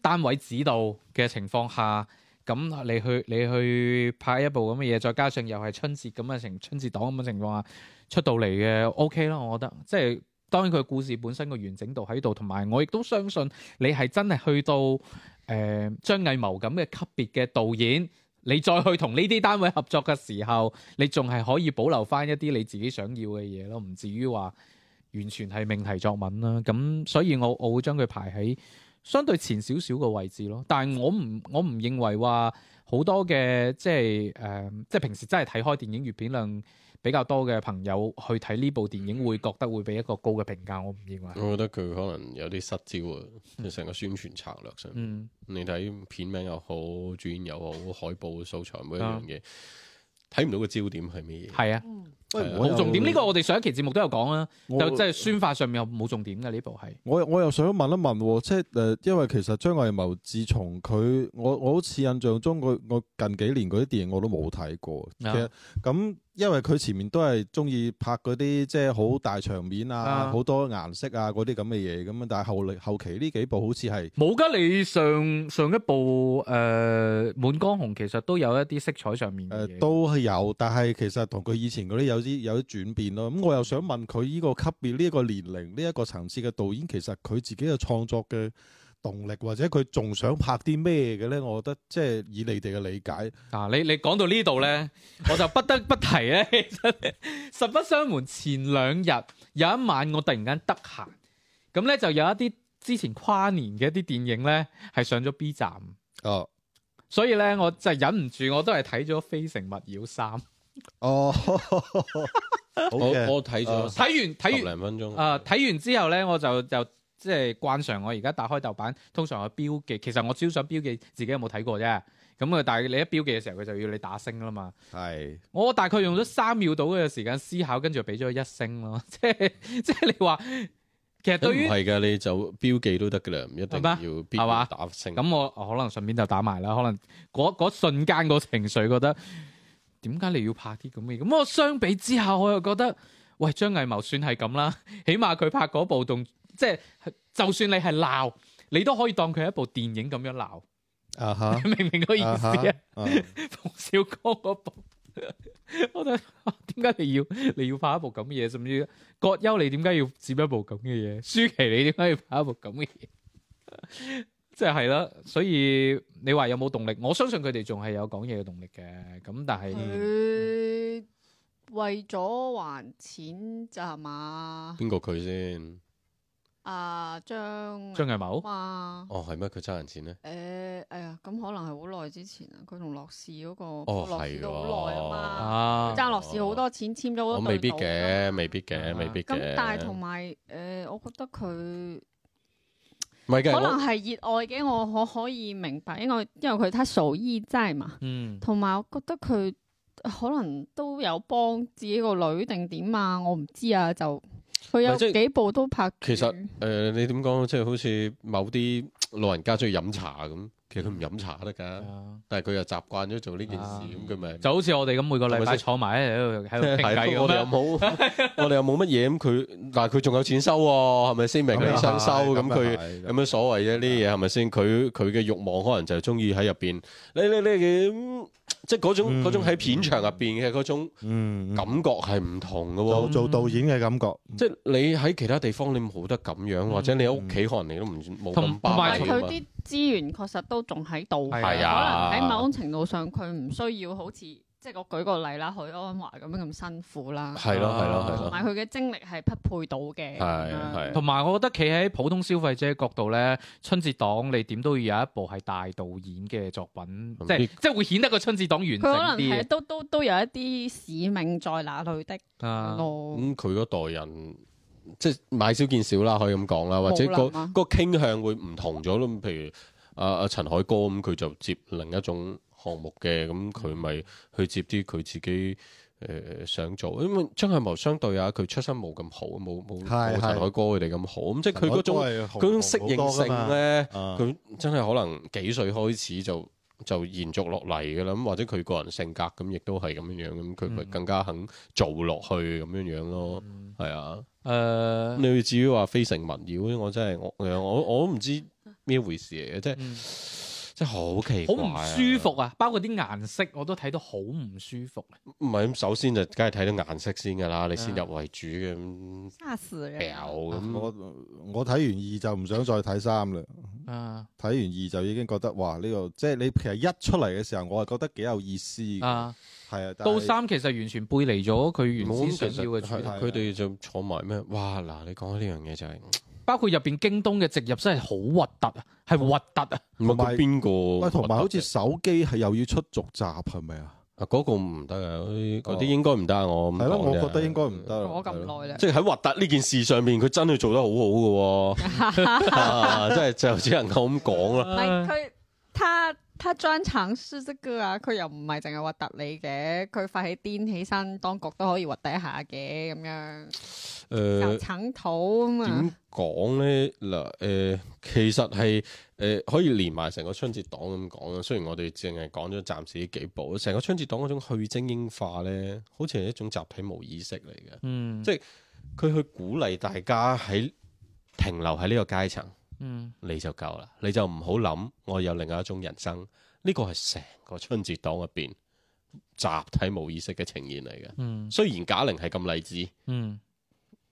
單位指導嘅情況下，咁你去你去拍一部咁嘅嘢，再加上又係春節咁嘅情春節檔咁嘅情況下出到嚟嘅，OK 咯，我覺得即係當然佢故事本身個完整度喺度，同埋我亦都相信你係真係去到誒張藝謀咁嘅級別嘅導演，你再去同呢啲單位合作嘅時候，你仲係可以保留返一啲你自己想要嘅嘢咯，唔至於話完全係命題作文啦。咁所以我我會將佢排喺相對前少少嘅位置咯，但係我唔我唔認為話好多嘅即係誒，即係、呃、平時真係睇開電影閱片量比較多嘅朋友去睇呢部電影，會覺得會俾一個高嘅評價。我唔認為。我覺得佢可能有啲失焦啊，成、嗯、個宣傳策略上，嗯、你睇片名又好，主演又好，海報素材每一樣嘢睇唔到個焦點係咩嘢？係啊。冇唉重點，呢、啊、個我哋上一期節目都有講啦，我就即係宣發上面有冇重點嘅呢部係。我我又想問一問，即係誒、呃，因為其實張藝謀自從佢我我好似印象中佢我，我近幾年嗰啲電影我都冇睇過，啊、其實咁因為佢前面都係中意拍嗰啲即係好大場面啊，好、啊、多顏色啊嗰啲咁嘅嘢咁啊，但係後嚟後期呢幾部好似係冇噶，你上上一部誒《滿、呃、江紅》其實都有一啲色彩上面誒、呃、都係有，但係其實同佢以前嗰啲有。有啲有啲轉變咯，咁、嗯、我又想問佢呢個級別、呢、這、一個年齡、呢、這、一個層次嘅導演，其實佢自己嘅創作嘅動力，或者佢仲想拍啲咩嘅咧？我覺得即係以你哋嘅理解，嗱、啊，你你講到呢度咧，我就不得不提咧，其 實不相瞞，前兩日有一晚我突然間得閒，咁咧就有一啲之前跨年嘅一啲電影咧係上咗 B 站，哦，所以咧我就忍唔住，我都係睇咗《非誠勿擾三》。哦、oh, okay，我睇咗，睇完睇完兩分鐘。啊完，睇、呃、完之後咧，我就就即係慣常，我而家打開豆瓣，通常去標記，其實我只想標記自己有冇睇過啫。咁佢，但係你一標記嘅時候，佢就要你打星啦嘛。係是，我大概用咗三秒到嘅時間思考，跟住就俾咗一星咯。即係即係你話，其實對於唔係噶，你就標記都得噶啦，唔一定要係嘛打星。咁我可能順便就打埋啦。可能嗰瞬間個情緒覺得，點解你要拍啲咁嘅嘢？咁我相比之下，我又覺得喂，張藝謀算係咁啦，起碼佢拍嗰部動，即係就算你係鬧，你都可以當佢一部電影咁樣鬧。啊、uh huh, 明唔明個意思啊？馮小剛嗰部，我得點解你要你要拍一部咁嘅嘢？甚至葛優你點解要接一部咁嘅嘢？舒淇你點解要拍一部咁嘅嘢？ 即係係啦，所以你話有冇動力？我相信佢哋仲係有講嘢嘅動力嘅。咁但係佢為咗還錢就係嘛？邊個佢先？阿張張藝謀哇！哦係咩？佢差人錢咧？誒哎呀，咁可能係好耐之前啊。佢同樂視嗰個哦係喎，差樂視好多錢，簽咗嗰度。我未必嘅，未必嘅，未必嘅。咁但係同埋誒，我覺得佢。可能係熱愛嘅，我可可以明白，因為因為佢太傻，依真係嘛，同埋、嗯、我覺得佢可能都有幫自己個女定點啊，我唔知啊就。佢有幾部都拍。其實誒、呃、你點講，即係好似某啲老人家中意飲茶咁。其實佢唔飲茶得噶，啊、但係佢又習慣咗做呢件事，咁佢咪就好似我哋咁每個禮拜坐埋喺度喺度傾偈，我哋又冇，我哋又冇乜嘢咁佢，但係佢仲有錢收喎、哦，係咪先？名利雙收咁佢有咩所謂啫？啲嘢係咪先？佢佢嘅欲望可能就係中意喺入邊，你你你咁。即係嗰種喺、嗯、片場入邊嘅嗰種感覺係唔同嘅喎，做導演嘅感覺。嗯、即係你喺其他地方你冇得咁樣，嗯、或者你喺屋企可能你都唔冇咁。同唔係佢啲資源確實都仲喺度，係啊、可能喺某種程度上佢唔需要好似。即係我舉個例啦，許安華咁樣咁辛苦啦，係咯，係咯，係，同埋佢嘅精力係匹配到嘅，係，同埋、嗯、我覺得企喺普通消費者角度咧，春節檔你點都要有一部係大導演嘅作品，嗯、即係即係會顯得個春節檔完整啲。佢可能係都都都有一啲使命在哪裡的。啊、嗯，咁佢嗰代人即係買少見少啦，可以咁講啦，或者、那個、啊、個傾向會唔同咗咯。譬如阿阿、呃、陳海歌咁，佢就接另一種。項目嘅咁佢咪去接啲佢自己誒、呃、想做，因為張藝謀相對啊，佢出身冇咁好，冇冇陳凱歌佢哋咁好，咁、嗯嗯、即係佢嗰種嗰種適應性咧，佢、嗯、真係可能幾歲開始就就延續落嚟㗎啦。咁、嗯、或者佢個人性格咁亦都係咁樣樣，咁佢咪更加肯做落去咁樣樣咯。係、嗯、啊，誒、呃，你至於話非誠勿擾，我真係我我我都唔知咩回事嚟嘅，即係。嗯。真係好奇怪，好唔舒服啊！包括啲顏色我都睇到好唔舒服。唔係咁，首先就梗係睇到顏色先㗎啦，你先入為主嘅。嚇死人！咁我睇完二就唔想再睇三啦。啊！睇完二就已經覺得哇，呢個即係你其實一出嚟嘅時候，我係覺得幾有意思。啊，係啊。到三其實完全背離咗佢原先想要嘅。佢哋就坐埋咩？哇！嗱，你講呢樣嘢就係。包括入邊京東嘅植入真係有好核突啊，係核突啊。唔係邊個？同埋好似手機係又要出續集係咪啊？嗰個唔得啊，嗰啲應該唔得啊。我唔係咯，我覺得應該唔得。攞咁耐啦。了即係喺核突呢件事上面，佢真係做得好好噶。即係就只能夠咁講啦。係佢，他。他裝橙色色啊，佢又唔係淨係核突你嘅，佢發起癲起身，當局都可以核突一下嘅咁樣。誒、呃，橙土咁啊。點講咧嗱？誒、呃，其實係誒、呃、可以連埋成個春節檔咁講啊。雖然我哋淨係講咗暫時幾部，成個春節檔嗰種去精英化咧，好似係一種集體無意識嚟嘅。嗯，即係佢去鼓勵大家喺停留喺呢個階層。嗯，你就夠啦，你就唔好諗我有另外一種人生，呢個係成個春節檔入邊集體無意識嘅呈現嚟嘅。嗯，雖然賈玲係咁勵志，嗯，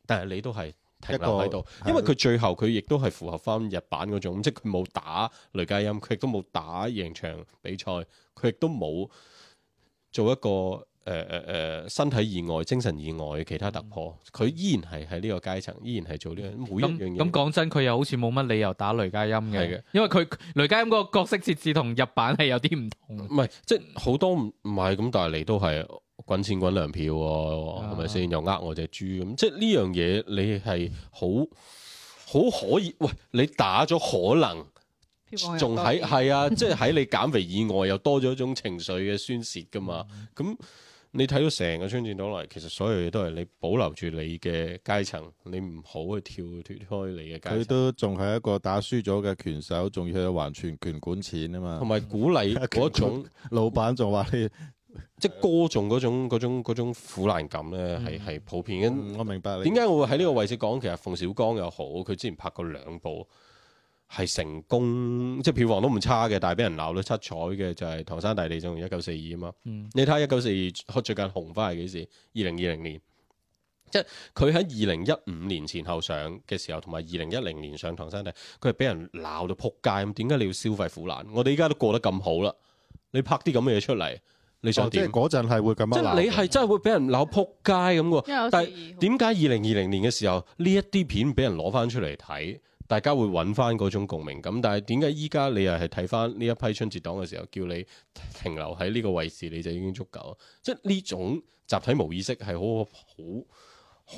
但係你都係停留喺度，個因為佢最後佢亦都係符合翻日版嗰種，的即係佢冇打雷佳音，佢亦都冇打贏場比賽，佢亦都冇做一個。誒誒誒，身體意外、精神意外、其他突破，佢、嗯、依然係喺呢個階層，依然係做呢、這、樣、個、每一樣嘢、嗯。咁咁講真，佢又好似冇乜理由打雷佳音嘅，的因為佢雷佳音嗰個角色設置同日版係有啲唔同。唔係、嗯，即係好多唔係咁大嚟都係滾錢滾糧票喎，係咪先又呃我隻豬咁？即係呢樣嘢，你係好好可以，喂，你打咗可能仲喺係啊，即係喺你減肥以外，又多咗一種情緒嘅宣泄㗎嘛？咁、嗯。你睇到成個春節檔落嚟，其實所有嘢都係你保留住你嘅階層，你唔好去跳脫開你嘅階層。佢都仲係一個打輸咗嘅拳手，仲要去還全拳館錢啊嘛。同埋鼓勵嗰種 老闆還， 就話你即係歌頌嗰種嗰種苦難感咧，係係、嗯、普遍。咁、嗯、我明白。點解我會喺呢個位置講？其實馮小剛又好，佢之前拍過兩部。係成功，即係票房都唔差嘅，但係俾人鬧到七彩嘅就係、仲《唐山大地震》一九四二啊嘛。嗯、你睇一九四二，我最近紅翻係幾時？二零二零年，即係佢喺二零一五年前後上嘅時候，同埋二零一零年上，上《唐山大地》，佢係俾人鬧到扑街咁。點解你要消費苦難？我哋依家都過得咁好啦，你拍啲咁嘅嘢出嚟，你想點？嗰陣係會咁樣，即係你係真係會俾人鬧扑街咁。但係點解二零二零年嘅時候呢一啲片俾人攞翻出嚟睇？大家會揾翻嗰種共鳴感，但係點解依家你又係睇翻呢一批春節檔嘅時候，叫你停留喺呢個位置，你就已經足夠？即係呢種集體無意識係好好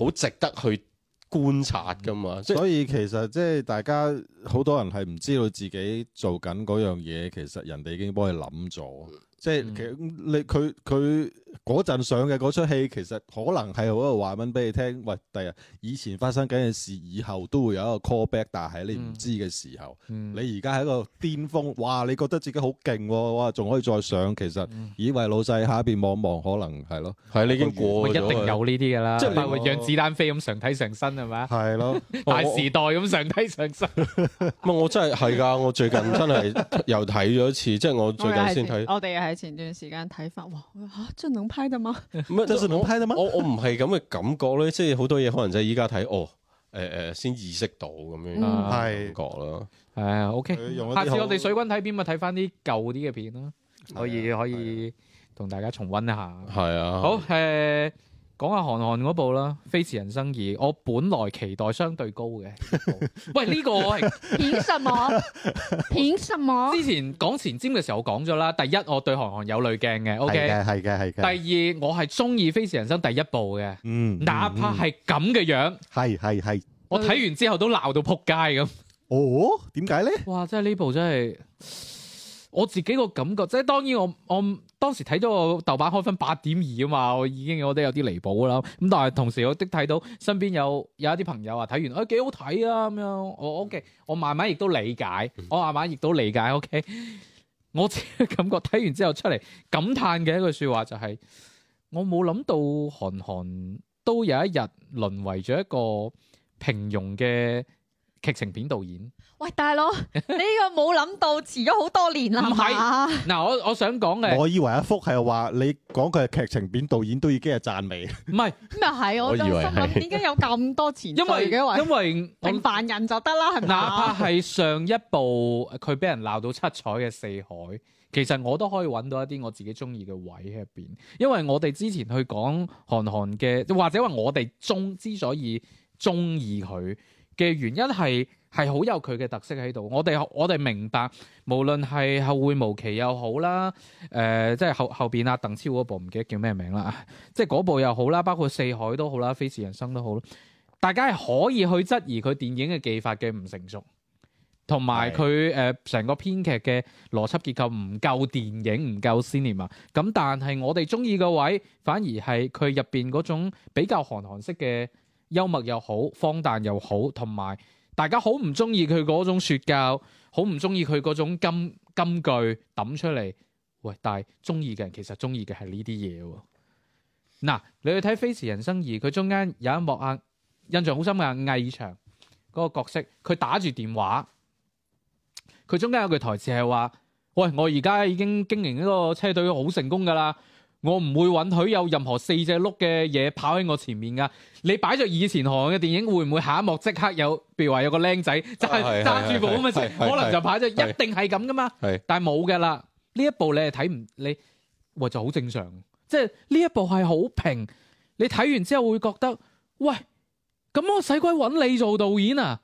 好值得去觀察噶嘛？嗯，即係、所以其實即係大家好多人係唔知道自己做緊嗰樣嘢，其實人哋已經幫你諗咗，即係其實你佢佢。嗰陣上嘅嗰出戲，其實可能係好一個話問俾你聽。喂，第日以前發生緊嘅事，以後都會有一個 callback，但係你唔知嘅時候，嗯、你而家喺一個巔峰，哇！你覺得自己好勁，哇！仲可以再上，其實以為老細下邊望望，可能係咯，係、嗯、你已經過一定有呢啲㗎啦，即係話讓子彈飛咁上體成身係咪啊？係咯， 哦、大時代咁上體成身。唔、 哦、我真係係㗎，我最近真係又睇咗一次，即係 我最近先睇。Okay, 我哋喺前段時間睇返、啊。真。能拍的嗎？咩都是能拍的嗎？我我唔係咁嘅感覺咧，即係好多嘢可能就係依家睇哦，誒、呃、誒、呃，先意識到咁樣嘅感覺咯。係、嗯、啊，OK，下次我哋水軍睇片咪睇翻啲舊啲嘅片咯，啊，可以可以同大家重溫一下。係啊，啊好係。啊講下韓寒嗰部啦，《飛馳人生二》我本來期待相對高嘅。 喂呢、呢個，騙什麼？騙什麼？之前講前瞻嘅時候，我講咗啦。第一，我對韓寒有濾鏡嘅。OK，係嘅，係嘅。第二，我係中意《飛馳人生》第一部嘅、嗯嗯。嗯，哪怕係咁嘅樣，係係係。我睇完之後都鬧到撲街咁。哦，點解咧？哇，真係呢部真係。我自己個感覺，即係當然我，我我當時睇咗個豆瓣開分八點二啊嘛，我已經覺得有啲離譜啦。咁但係同時，我都睇到身邊有有一啲朋友、哎、啊，睇完誒幾好睇啊咁樣。我 OK，我慢慢亦都理解，我慢慢亦都理解。OK，我自己感覺睇完之後出嚟感嘆嘅一句説話就係、是：我冇諗到韓寒都有一日淪為咗一個平庸嘅。劇情片導演。喂大佬，你呢個冇諗到，遲咗好多年啦。唔係，嗱，我我想講嘅，我以為阿福係話你講佢劇情片導演都已經係讚美。唔係，咁又係，我心諗點解有咁多錢？因為因為平凡人就得啦。哪怕係上一部佢俾人鬧到七彩嘅四海，其實我都可以搵到一啲我自己中意嘅位喺入邊。因為我哋之前去講韓寒嘅，或者話我哋中之所以中意佢，嘅原因係係好有佢嘅特色喺度，我哋我哋明白，無論係後會無期又好啦，誒、呃、即係後後邊啊，鄧超嗰部唔記得叫咩名啦，即係嗰部又好啦，包括四海都好啦，《飛馳人生》都好咯，大家係可以去質疑佢電影嘅技法嘅唔成熟，同埋佢誒成個編劇嘅邏輯結構唔夠電影唔夠 Cinema 嘛，咁但係我哋中意嘅位反而係佢入邊嗰種比較韓寒式嘅。幽默又好，荒誕又好，同埋大家好唔中意佢嗰種說教，好唔中意佢嗰種金金句抌出嚟。喂，但係中意嘅人其實中意嘅係呢啲嘢。嗱，你去睇《飛馳人生二》，佢中間有一幕啊，印象好深嘅啊，魏翔嗰個角色，佢打住電話，佢中間有句台詞係話：喂，我而家已經經營呢個車隊好成功噶啦。我唔會允許有任何四隻碌嘅嘢跑喺我前面噶。你擺在以前行嘅電影會唔會下一幕即刻有？譬如話有個僆仔就揸揸住部咁嘅事，可能就跑咗，一定係咁噶嘛。是但係冇噶啦，呢一部你係睇唔你，喂就好正常。即係呢一部係好平，你睇完之後會覺得，喂，咁我使鬼揾你做導演啊？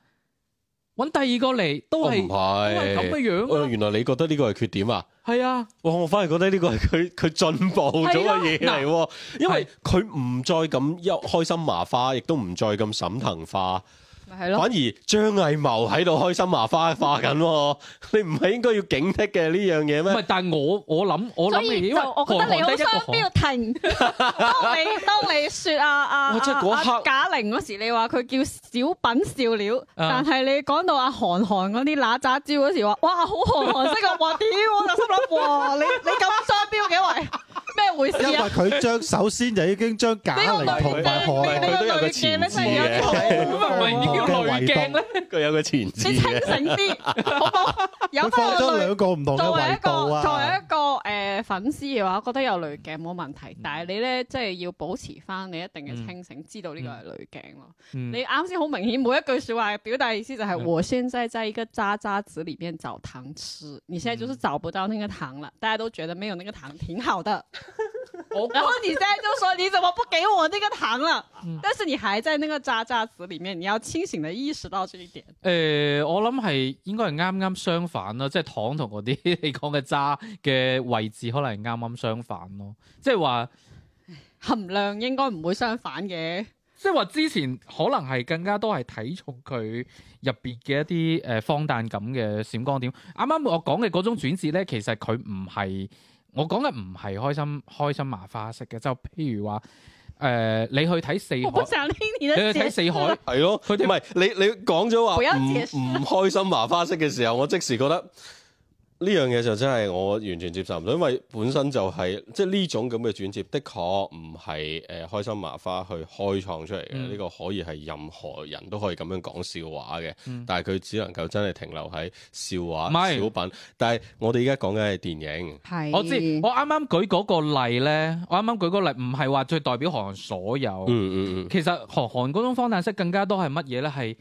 揾第二個嚟都係、哦、都係咁嘅樣、呃。原來你覺得呢個係缺點啊？係啊。哇我我反而覺得呢個係佢佢進步咗嘅嘢嚟，啊、因為佢唔再咁憂開心麻花，亦都唔再咁沈騰化。反而張藝謀喺度開心麻花化緊、啊，你唔係應該要警惕嘅呢樣嘢咩？唔但係我我諗我諗，所以因為 就我覺得韓韓你好雙標，停。當你 當你説阿阿阿阿賈玲嗰時，你話佢叫小品笑料，啊、但係你講到阿、啊、韓寒嗰啲乸雜招嗰時話，哇好韓寒式嘅，哇屌！我就心諗，你你咁雙標幾位？ 因為佢將首先就已經將假嚟同埋河嚟，佢都有個前字嘅，唔係唔係叫濾鏡咩？佢有個前字。清醒啲，好冇？有翻個雷。兩個唔同嘅維度啊！作為一個誒粉絲嘅話，覺得有濾鏡冇問題，但係你咧即係要保持翻你一定嘅清醒，知道呢個係濾鏡咯。你啱先好明顯每一句説話嘅表達意思就係我現在在一個渣渣子裏邊找糖吃，你現在就是找不到那個糖了。大家都覺得沒有那個糖，挺好的。 然後你現在就說，你怎麼不給我那個糖了？但是你還在那個渣渣子裏面，你要清醒地意識到這一點。誒、欸，我諗係應該係啱啱相反啦，即係糖同嗰啲你講嘅渣嘅位置，可能係啱啱相反咯。即係話含量應該唔會相反嘅。即係話之前可能係更加多係睇重佢入邊嘅一啲誒，荒誕感嘅閃光點。啱啱我講嘅嗰種轉折咧，其實佢唔係。我講嘅唔係開心開心麻花式嘅，就譬如話，誒、呃、你去睇四海，你，你去睇四海，係咯， 佢哋唔係你你講咗話唔唔開心麻花式嘅時候，我即時覺得。呢樣嘢就真係我完全接受唔到，因為本身就係、是、即係呢種咁嘅轉折，的確唔係誒開心麻花去開創出嚟嘅。呢、嗯、個可以係任何人都可以咁樣講笑話嘅，嗯、但係佢只能夠真係停留喺笑話、嗯、小品。但係我哋而家講緊係電影。係是我知，我啱啱舉嗰個例咧，我啱啱舉嗰個例唔係話最代表韓寒所有。嗯嗯嗯，嗯嗯其實韓寒嗰種荒誕式更加多係乜嘢咧？係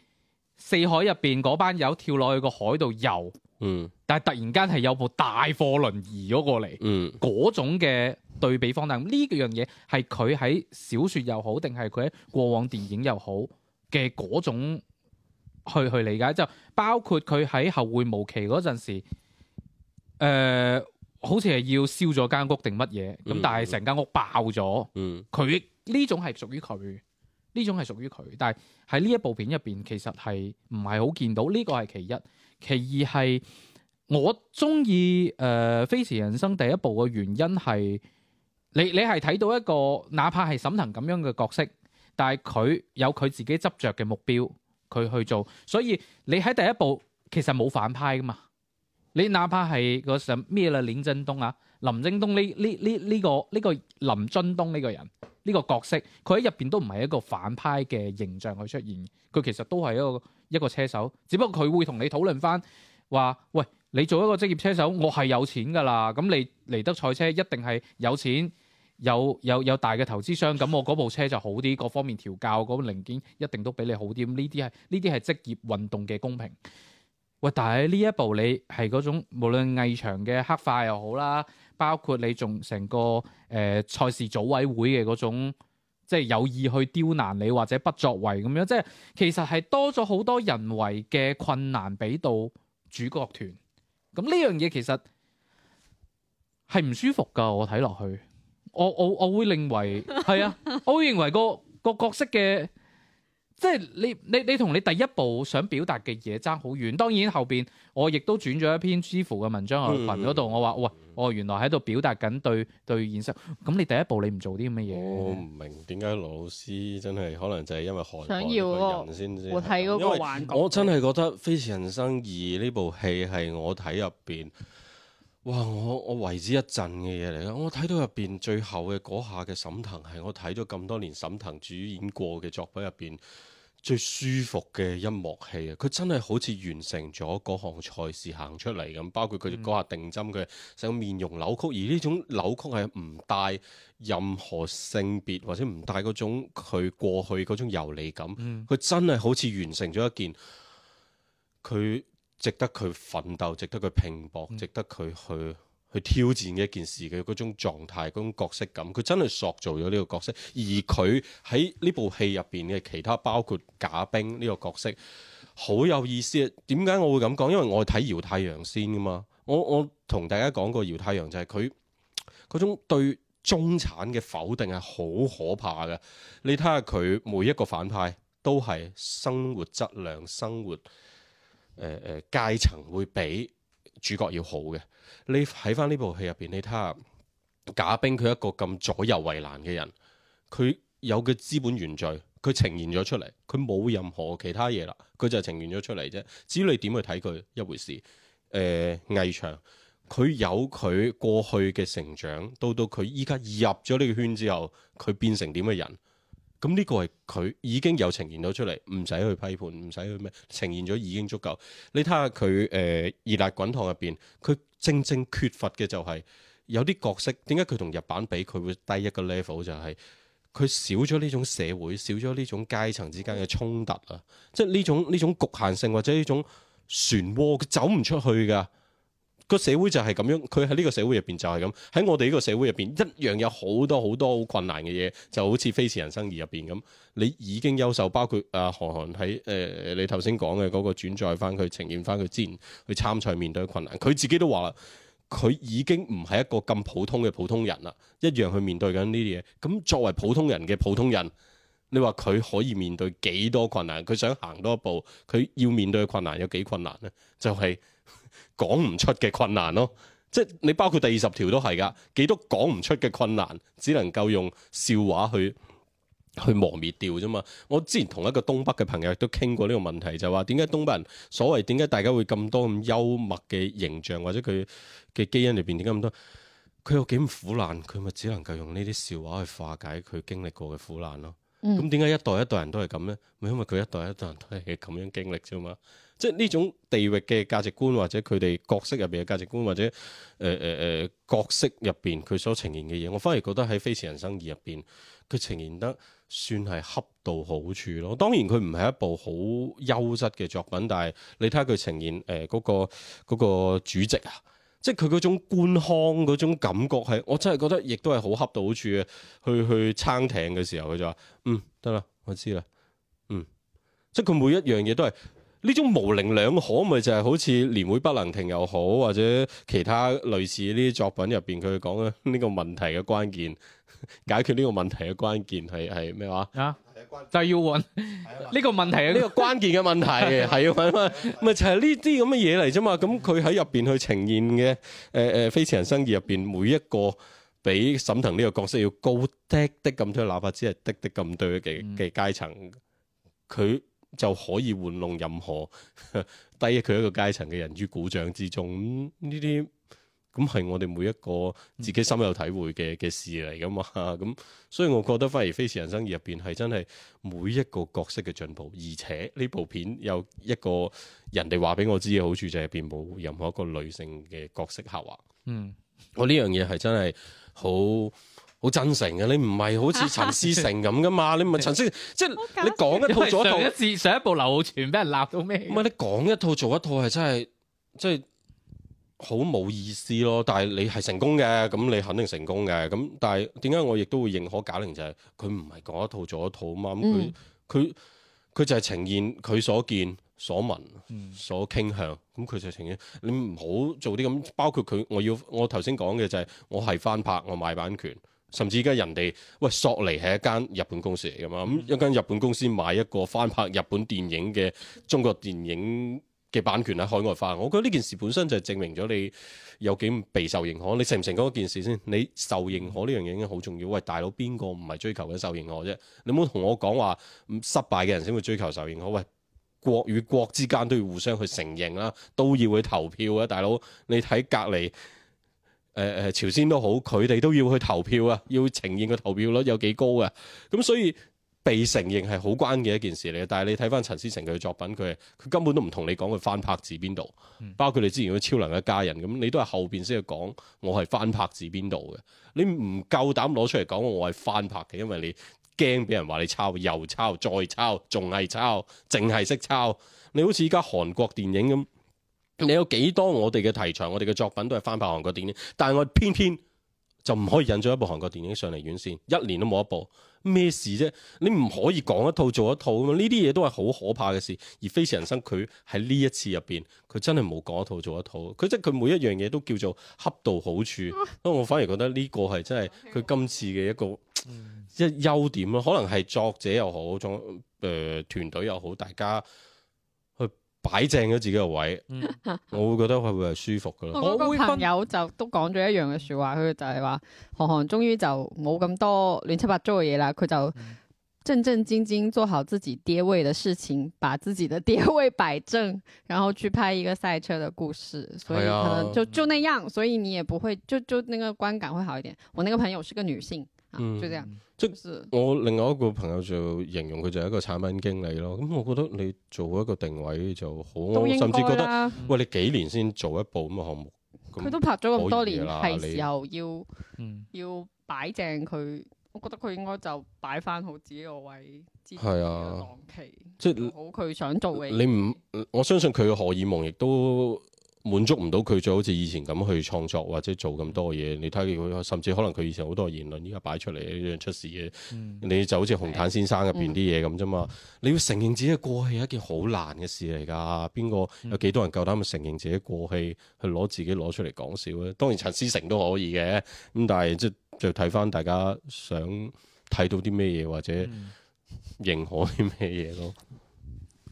四海入邊嗰班友跳落去個海度游。嗯，但係突然間係有部大貨輪移咗過嚟，嗯，嗰種嘅對比方，但係呢幾樣嘢係佢喺小說又好，定係佢喺過往電影又好嘅嗰種去去理解，就包括佢喺後會無期嗰陣時，誒、呃，好似係要燒咗間屋定乜嘢，咁但係成間屋爆咗，嗯，佢呢種係屬於佢，呢種係屬於佢，但係喺呢一部片入邊，其實係唔係好見到，呢個係其一。其二係我中意誒《飛馳人生》第一部嘅原因係，你你係睇到一個，哪怕係沈騰咁樣嘅角色，但係佢有佢自己執着嘅目標，佢去做，所以你喺第一部其實冇反派噶嘛。你哪怕係個什咩啦，林臻東啊，林臻東呢呢呢呢個呢、呢個呢個林臻東呢個人呢、呢個角色，佢喺入邊都唔係一個反派嘅形象去出現，佢其實都係一個一個車手，只不過佢會同你討論翻話，喂，你做一個職業車手，我係有錢㗎啦，咁你嚟得賽車一定係有錢，有有有大嘅投資商，咁我嗰部車就好啲，各方面調教嗰、嗰個、零件一定都比你好啲，呢啲係呢啲係職業運動嘅公平。喂，但係呢一步你，你係嗰種無論藝場嘅黑化又好啦，包括你仲成個誒、呃、賽事組委會嘅嗰種，即係有意去刁難你或者不作為咁樣，即係其實係多咗好多人為嘅困難俾到主角團。咁呢樣嘢其實係唔舒服噶，我睇落去，我我我會認為係 啊，我會認為個個角色嘅。即係你你你同你第一步想表達嘅嘢，爭好遠，當然後邊我亦都轉咗一篇知乎嘅文章去群嗰度，嗯、我話喂，我原來喺度表達緊對對現實，咁你第一步你唔做啲咁嘅嘢？我唔明點解羅老師真係可能就係因為韓想嘅人先知，因為我真係覺得《飛馳人生二》呢部戲係我睇入邊，哇！我我為之一震嘅嘢嚟，我睇到入邊最後嘅嗰下嘅沈騰係我睇咗咁多年沈騰主演過嘅作品入邊最舒服嘅一幕戲啊！佢真係好似完成咗嗰項賽事行出嚟咁，包括佢嗰下定針嘅，成個面容扭曲，而呢種扭曲係唔帶任何性別，或者唔帶嗰種佢過去嗰種遊離感。佢真係好似完成咗一件，佢值得佢奮鬥，值得佢拼搏，值得佢去，去挑戰嘅一件事嘅嗰種狀態、嗰種角色感，佢真係塑造咗呢個角色。而佢喺呢部戲入邊嘅其他包括賈冰呢、這個角色，好有意思。點解我會咁講？因為我係睇《搖太陽》先噶嘛。我我同大家講過《搖太陽》，就係佢嗰種對中產嘅否定係好可怕嘅。你睇下佢每一個反派都係生活質量、生活誒誒、呃呃、階層會比。主角要好嘅，你睇翻呢部戲入邊，你睇下賈冰佢一個咁左右為難嘅人，佢有嘅資本原罪，佢呈現咗出嚟，佢冇任何其他嘢啦。佢就係呈現咗出嚟啫，至於你點去睇佢一回事，誒、呃，魏翔佢有佢過去嘅成長，到到佢依家入咗呢個圈之後，佢變成點嘅人？咁呢個係佢已經有呈現到出嚟，唔使去批判，唔使去咩，呈現咗已經足夠。你睇下佢誒熱辣滾燙入邊，佢正正缺乏嘅就係有啲角色，點解佢同日版比佢會低一個 level？就係佢少咗呢種社會，少咗呢種階層之間嘅衝突啊！即係呢種呢種局限性或者呢種漩渦，佢走唔出去噶。社個社會就係咁樣，佢喺呢個社會入邊就係咁。喺我哋呢個社會入邊，一樣有好多好多好困難嘅嘢，就好似《飛馳人生二》入邊咁。你已經優秀，包括阿韓寒喺誒，你頭先講嘅嗰個轉載翻佢呈現翻佢之前去參賽面對嘅困難，佢自己都話佢已經唔係一個咁普通嘅普通人啦。一樣去面對緊呢啲嘢。咁作為普通人嘅普通人，你話佢可以面對幾多困難？佢想行多一步，佢要面對嘅困難有幾困難呢？就係、是。講唔出嘅困難咯，即係你包括第二十條都係噶，幾多講唔出嘅困難，只能夠用笑話去去磨滅掉啫嘛。我之前同一個東北嘅朋友都傾過呢個問題，就話點解東北人，所謂點解大家會咁多咁幽默嘅形象，或者佢嘅基因裏邊點解咁多，佢有幾咁苦難，佢咪只能夠用呢啲笑話去化解佢經歷過嘅苦難咯。咁點解一代一代人都係咁咧？咪因為佢一代一代人都係咁樣經歷啫嘛。即係呢種地域嘅價值觀，或者佢哋角色入邊嘅價值觀，或者誒誒誒角色入邊佢所呈現嘅嘢，我反而覺得喺《飛馳人生二》入邊，佢呈現得算係恰到好處咯。當然佢唔係一部好優質嘅作品，但係你睇下佢呈現誒嗰、呃嗰個、嗰個主席啊，即係佢嗰種官腔嗰種感覺係，我真係覺得亦都係好恰到好處嘅。去去撐艇嘅時候，佢就話：嗯，得啦，我知啦，嗯。即係佢每一樣嘢都係。呢種模棱兩可咪就係好似年會不能停又好，或者其他類似呢啲作品入邊，佢講啊呢個問題嘅關鍵，解決呢個問題嘅關鍵係係咩話？啊，就係、要揾呢個問題，呢 個關鍵嘅問題係 要揾乜就係呢啲咁嘅嘢嚟啫嘛。咁佢喺入邊去呈現嘅誒誒飛馳人生2入邊每一個比沈騰呢個角色要高啲啲咁多，哪怕只係啲啲咁多嘅嘅階層，佢、嗯。就可以玩弄任何低於佢一個階層嘅人於鼓掌之中，呢啲咁係我哋每一個自己深有體會嘅嘅、嗯、事嚟噶嘛，咁、嗯、所以我覺得反而《飛馳人生二》入邊係真係每一個角色嘅進步，而且呢部片有一個人哋話俾我知嘅好處就係入邊冇任何一個女性嘅角色下滑，嗯，我呢樣嘢係真係好。好真誠嘅，你唔係好似陳思成咁噶嘛？ 你唔係陳思成，即係你講一套做一套，上一上一部劉昊然俾人鬧到咩？唔係你講一套做一套真，係真係即係好冇意思咯。但係你係成功嘅，咁你肯定成功嘅。咁但係點解我亦都會認可賈玲就係佢唔係講一套做一套啊嘛？咁佢佢佢就係呈現佢所見所聞所傾向。咁佢、嗯、就呈現你唔好做啲咁。包括佢我要我頭先講嘅就係我係翻拍，我買版權。甚至而家人哋喂索尼係一間日本公司嚟㗎嘛，咁一間日本公司買一個翻拍日本電影嘅中國電影嘅版權喺海外翻，我覺得呢件事本身就係證明咗你有幾備受認可。你成唔成功一件事先？你受認可呢樣嘢已經好重要。喂，大佬邊個唔係追求緊受認可啫？你冇同我講話失敗嘅人先會追求受認可。喂，國與國之間都要互相去承認啦，都要去投票啊，大佬，你睇隔籬。誒誒，朝鮮都好，佢哋都要去投票啊，要呈現個投票率有幾高嘅，咁所以被承認係好關鍵嘅一件事嚟嘅。但係你睇翻陳思成佢嘅作品，佢佢根本都唔同你講佢翻拍自邊度，包括你之前嗰超能一家人咁，你都係後邊先去講我係翻拍自邊度嘅。你唔夠膽攞出嚟講我係翻拍嘅，因為你驚俾人話你抄又抄再抄，仲係抄，淨係識抄。你好似依家韓國電影咁。你有幾多我哋嘅題材，我哋嘅作品都係翻拍韓國電影，但係我偏偏就唔可以引咗一部韓國電影上嚟院線，一年都冇一部，咩事啫？你唔可以講一套做一套咁啊！呢啲嘢都係好可怕嘅事。而《飛馳人生》佢喺呢一次入邊，佢真係冇講一套做一套，佢即係佢每一樣嘢都叫做恰到好處。不過我反而覺得呢個係真係佢今次嘅一個、即係、一個優點咯。可能係作者又好，仲、呃、誒團隊又好，大家，擺正咗自己個位， 我會覺得佢會係舒服噶咯。我個朋友就都講咗一樣嘅說話，佢就係話韓寒終於就冇咁多亂七八糟嘅嘢啦，佢就正正經經做好自己爹位嘅事情，把自己嘅爹位擺正，然後去拍一個賽車嘅故事，所以可能就就那樣，所以你也不會就就那個觀感會好一點。我那個朋友是個女性。嗯，即係，嗯就是，我另外一個朋友就形容佢就係一個產品經理咯。咁我覺得你做一個定位就好，我甚至覺得，嗯、喂，你幾年先做一部咁嘅項目，佢都拍咗咁多年，係時候要，你要擺正佢。我覺得佢應該就擺翻好自己個位，係啊，即係好佢想做嘅。你唔，我相信佢嘅荷爾蒙亦都滿足唔到佢，就好似以前咁去創作或者做咁多嘢。你睇佢，甚至可能佢以前好多言論，依家擺出嚟一樣出事嘅。嗯、你就好似紅毯先生入邊啲嘢咁啫嘛。嗯、你要承認自己嘅過去係一件好難嘅事嚟㗎。邊個有幾多人夠膽去承認自己過去去攞自己攞出嚟講笑咧？當然陳思誠都可以嘅。咁但係即係就睇翻大家想睇到啲咩嘢或者認可啲咩嘢咯。嗯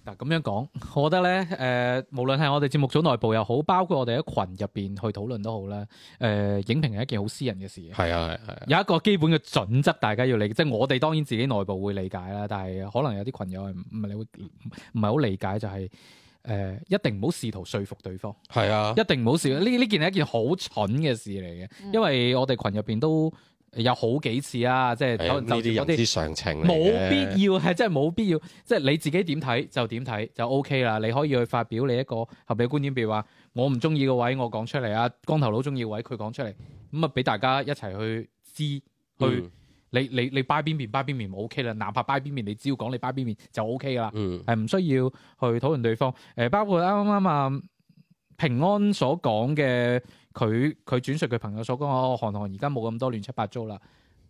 嗱咁樣講，我覺得咧，誒、呃，無論係我哋節目組內部又好，包括我哋喺群入邊去討論都好啦。誒、呃，影評係一件好私人嘅事。係啊係係。啊啊、有一個基本嘅準則，大家要理，即係我哋當然自己內部會理解啦，但係可能有啲群友唔唔係你會唔係好理解、就是，就係誒，一定唔好試圖說服對方。係啊，一定唔好試，呢呢件係一件好蠢嘅事嚟嘅，因為我哋群入邊都。有好幾次啊，即係有啲事情冇必要係，真係冇必要，即係 你自己點睇就點睇就 O K 啦。你可以去發表你一個合理觀點，譬如話我唔中意個位，我講出嚟啊。光頭佬中意位講，佢講出嚟咁啊，俾、嗯嗯、大家一齊去知去。你你你掰邊面掰邊唔 O K 啦。哪怕掰邊面，你只要講你掰邊面就 O K 啦。係唔、嗯嗯、需要去討論對方。誒，包括啱啱啊平安所講嘅。佢佢轉述佢朋友所講，哦，韓寒而家冇咁多亂七八糟啦，誒、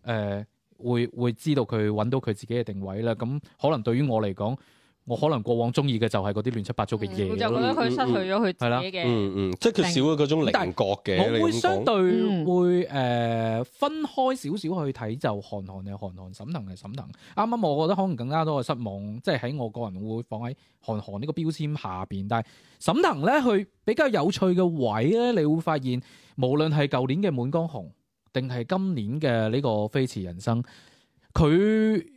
呃、會會知道佢揾到佢自己嘅定位啦。咁、嗯、可能對於我嚟講。我可能過往中意嘅就係嗰啲亂七八糟嘅嘢、嗯，就覺得佢失去咗佢自己嘅、嗯。嗯嗯，嗯，即係佢少咗嗰種靈覺嘅。我會相對會誒、呃、分開少少去睇，就韓寒嘅韓寒，寒，沈騰嘅沈騰。啱啱我覺得可能更加多嘅失望，即係喺我個人會放喺韓寒呢個標籤下邊。但係沈騰咧，佢比較有趣嘅位咧，你會發現無論係舊年嘅《滿江紅》，定係今年嘅呢個《飛馳人生》，佢。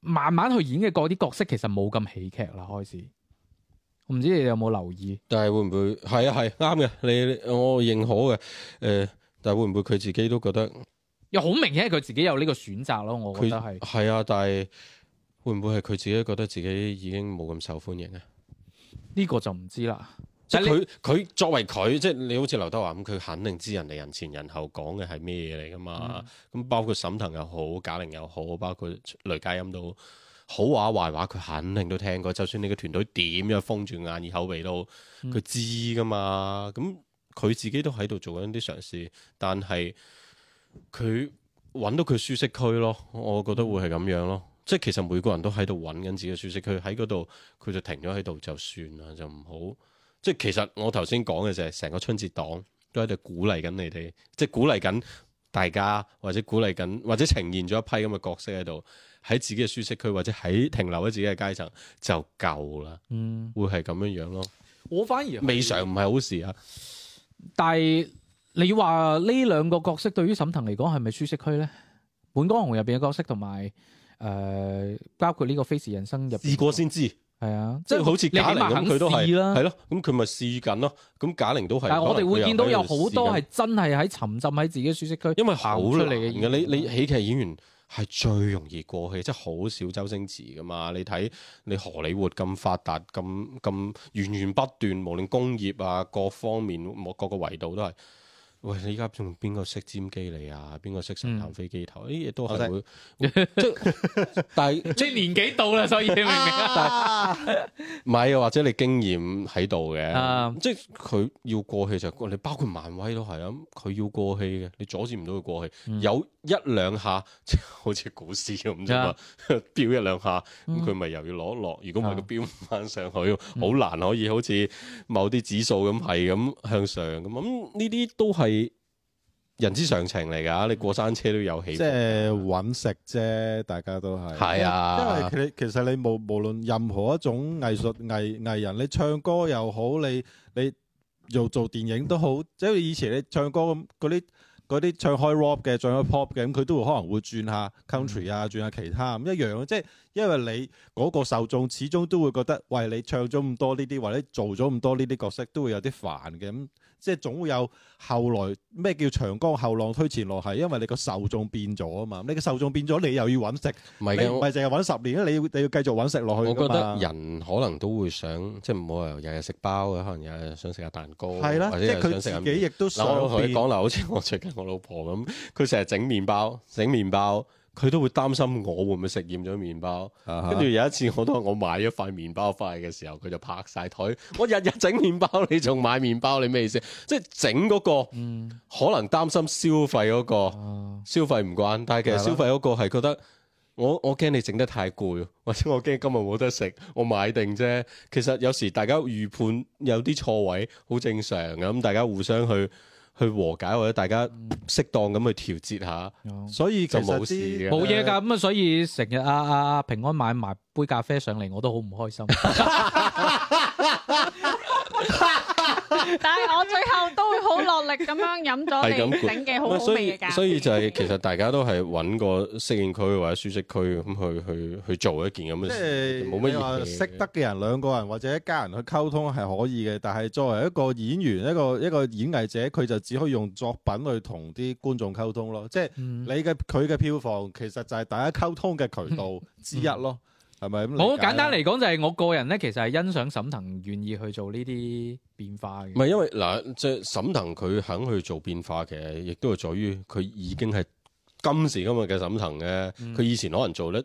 慢慢去演嘅嗰啲角色，其實冇咁喜劇啦。開始，我唔知你哋有冇留意？但係會唔會係啊？係啱嘅，你我認可嘅。誒、呃，但係會唔會佢自己都覺得？又好明顯係佢自己有呢個選擇咯，他我覺得係。係啊，但係會唔會係佢自己覺得自己已經冇咁受歡迎啊？呢個就唔知啦。即係佢，佢作為佢，即係你好似劉德華咁，佢肯定知人哋人前人後講嘅係咩嚟噶嘛。咁、嗯、包括沈騰又好，賈玲又好，包括雷佳音都好，好話壞話佢肯定都聽過。就算你嘅團隊點樣封住眼耳口鼻都，佢知噶嘛。咁佢、嗯、自己都喺度做緊啲嘗試，但係佢揾到佢舒適區咯。我覺得會係咁樣咯。即係其實每個人都喺度揾緊自己嘅舒適區，喺嗰度佢就停咗喺度就算啦，就唔好。即係其實我頭先講嘅就係成個春節檔都喺度鼓勵緊你哋，即係鼓勵緊大家或者鼓勵緊或者呈現咗一批咁嘅角色喺度，喺自己嘅舒適區或者喺停留喺自己嘅階層就夠啦。嗯，會係咁樣樣咯、嗯。我反而未嘗唔係好事啊。但係你話呢兩個角色對於沈騰嚟講係咪舒適區咧？本港紅入邊嘅角色同埋誒，包括呢個《飛馳人生》入邊試過先知。係啊，即係好似賈玲佢都係，係咯、嗯，咁佢咪試緊咯，咁賈玲都係。但我哋會見到有好多係真係喺沉浸喺自己舒適區，因為好出嚟嘅。你你喜劇演員係最容易過氣，即係好少周星馳噶嘛？你睇你荷里活咁發達，咁咁源源不斷，無論工業啊，各方面各個維度都係。喂，你依家仲邊個識尖機嚟啊？邊個識神探飛機頭？啲、欸、嘢都係會， 即但係 即係 年紀到啦，所以你明唔明？ 但係唔係啊？或者你經驗喺度嘅，啊、即係佢要過氣、就係，就你包括漫威都係啊，佢要過氣嘅，你阻止唔到佢過氣。嗯、有一兩下，即好似股市咁啫嘛，嗯、 飆一兩下，咁佢咪又要攞落，落？如果唔係佢飆翻上去，好、嗯、難可以好似某啲指數咁係咁向上咁。咁呢啲都係。係人之常情嚟噶，你過山車都有起。即係揾食啫，大家都係。係啊，因為其其實你無無論任何一種藝術藝藝人，你唱歌又好，你你又做電影都好。即係以前你唱歌咁嗰啲嗰啲唱開 rock 嘅，唱開 pop 嘅，咁佢都會可能會轉下 country 啊，轉、嗯、下其他咁一樣。即係因為你嗰個受眾始終都會覺得，喂，你唱咗咁多呢啲，或者做咗咁多呢啲角色，都會有啲煩嘅咁。即係總會有後來咩叫長江後浪推前浪？係，因為你個受眾變咗啊嘛，你個受眾變咗，你又要揾食，唔係唔係淨係揾十年咧，你要你要繼續揾食落去。我覺得人可能都會想，即係唔好日日食包啊，可能日日想食下蛋糕，的或者即係佢自己想食下麵。嗱，我同你講啦，好似我最近我老婆咁，佢成日整麵包，整麵包。佢都會擔心我會唔會食厭咗麵包，跟住、uh huh. 有一次我都我買咗塊麵包翻嚟嘅時候，佢就拍晒台。我日日整麵包，你仲買麵包，你咩意思？即係整嗰個、嗯、可能擔心消費嗰、嗰個消費唔慣，但係其實消費嗰個係覺得我我驚你整得太攰，或者我驚今日冇得食，我買定啫。其實有時大家預判有啲錯位，好正常嘅咁，大家互相去。去和解，或者大家適當咁去調節下，嗯、所以就冇事嘅。冇嘢㗎，咁啊，所以成日啊啊平安買埋杯咖啡上嚟，我都好唔開心。 但係我最後都會 好落力咁樣飲咗你整嘅好好味㗎。所以就係其實大家都係搵個適應區或者舒適區咁去去去，去做一件咁嘅事。冇乜話識得嘅人兩個人或者一家人去溝通係可以嘅，但係作為一個演員，一個一個演藝者，佢就只可以用作品去同啲觀眾溝通咯。即係你嘅佢嘅票房其實就係大家溝通嘅渠道之一咯。係咪咁？好，簡單嚟講，就係我個人咧，其實係欣賞沈騰願意去做呢啲變化嘅。唔係、嗯、因為即係沈騰佢肯去做變化嘅，亦都係在於佢已經係。今時今日嘅沈騰咧，佢以前可能做得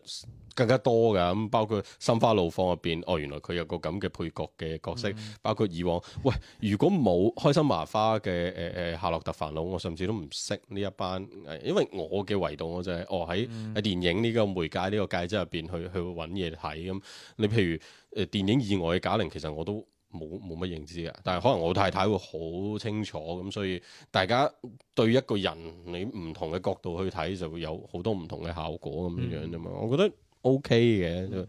更加多噶，咁包括《心花怒放》入邊，哦，原來佢有個咁嘅配角嘅角色，嗯、包括以往，喂，如果冇《開心麻花》嘅誒誒夏洛特煩惱，我甚至都唔識呢一班，因為我嘅圍度我就係、是，哦喺喺電影呢個媒介呢個界質入邊去去揾嘢睇咁，你譬如誒、呃、電影以外嘅賈玲，其實我都。冇冇乜認知嘅，但係可能我太太會好清楚咁，所以大家對一個人你唔同嘅角度去睇就會有好多唔同嘅效果咁、嗯、樣樣啫嘛。我覺得 OK 嘅。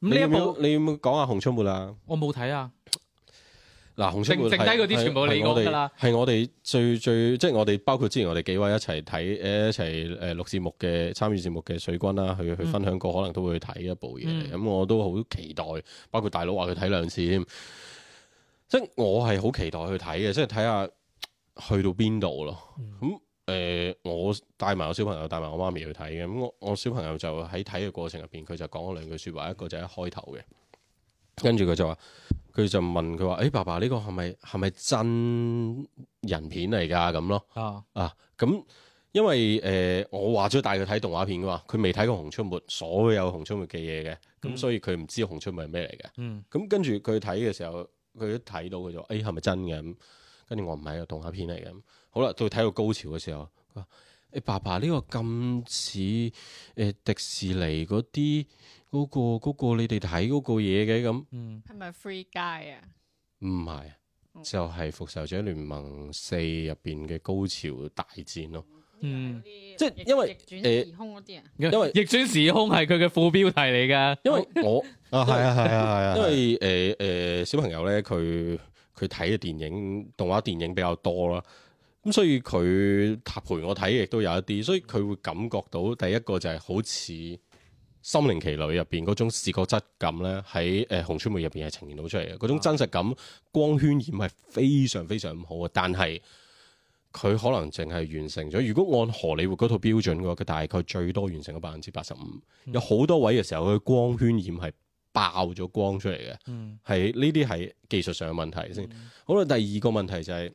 你有冇你有冇講下熊出沒啊？我冇睇啊。嗱，紅色剩低嗰啲全部你講噶啦，係我哋最最即係我哋包括之前我哋幾位一齊睇誒一齊誒錄節目嘅參與節目嘅水軍啦，去去分享過，可能都會睇一部嘢，咁、嗯嗯、我都好期待。包括大佬話佢睇兩次，即係我係好期待去睇嘅，即係睇下去到邊度咯。咁誒、嗯嗯呃，我帶埋我小朋友，帶埋我媽咪去睇嘅。咁、嗯、我我小朋友就喺睇嘅過程入邊，佢就講咗兩句説話，一個就喺開頭嘅，跟住佢就話。佢就問佢話：誒、欸、爸爸呢個係咪係咪真人片嚟㗎？咁咯，啊啊，咁、啊、因為誒、呃、我話咗帶佢睇動畫片㗎嘛，佢未睇過《熊出沒》，所有《熊出沒》嘅嘢嘅，咁所以佢唔知《熊出沒》係咩嚟嘅。嗯，咁跟住佢睇嘅時候，佢一睇到佢就話誒係咪真嘅？咁跟住我唔係個動畫片嚟嘅。好啦，到睇到高潮嘅時候。你爸爸呢、呢個咁似誒迪士尼嗰啲嗰個、嗰個、你哋睇嗰個嘢嘅咁，係咪《Free Guy》啊？唔係，就係《復仇者聯盟四》入邊嘅高潮大戰咯。嗯，即係因為逆轉時空嗰啲啊，因為逆轉時空係佢嘅副標題嚟㗎。因為我 啊，係啊，係啊，係啊。啊啊啊啊因為誒誒、呃呃、小朋友咧，佢佢睇嘅電影動畫電影比較多啦。咁所以佢陪我睇，亦都有一啲，所以佢會感覺到第一個就係好似《心靈奇旅》入邊嗰種視覺質感咧，喺、呃、誒《紅樹莓》入邊係呈現到出嚟嘅嗰種真實感。啊、光圈染係非常非常唔好嘅，但係佢可能淨係完成咗。如果按荷里活嗰套標準嘅話，佢大概最多完成咗百分之八十五。有好多位嘅時候，佢光圈染係爆咗光出嚟嘅。嗯，係呢啲係技術上嘅問題先。嗯、好啦，第二個問題就係、是。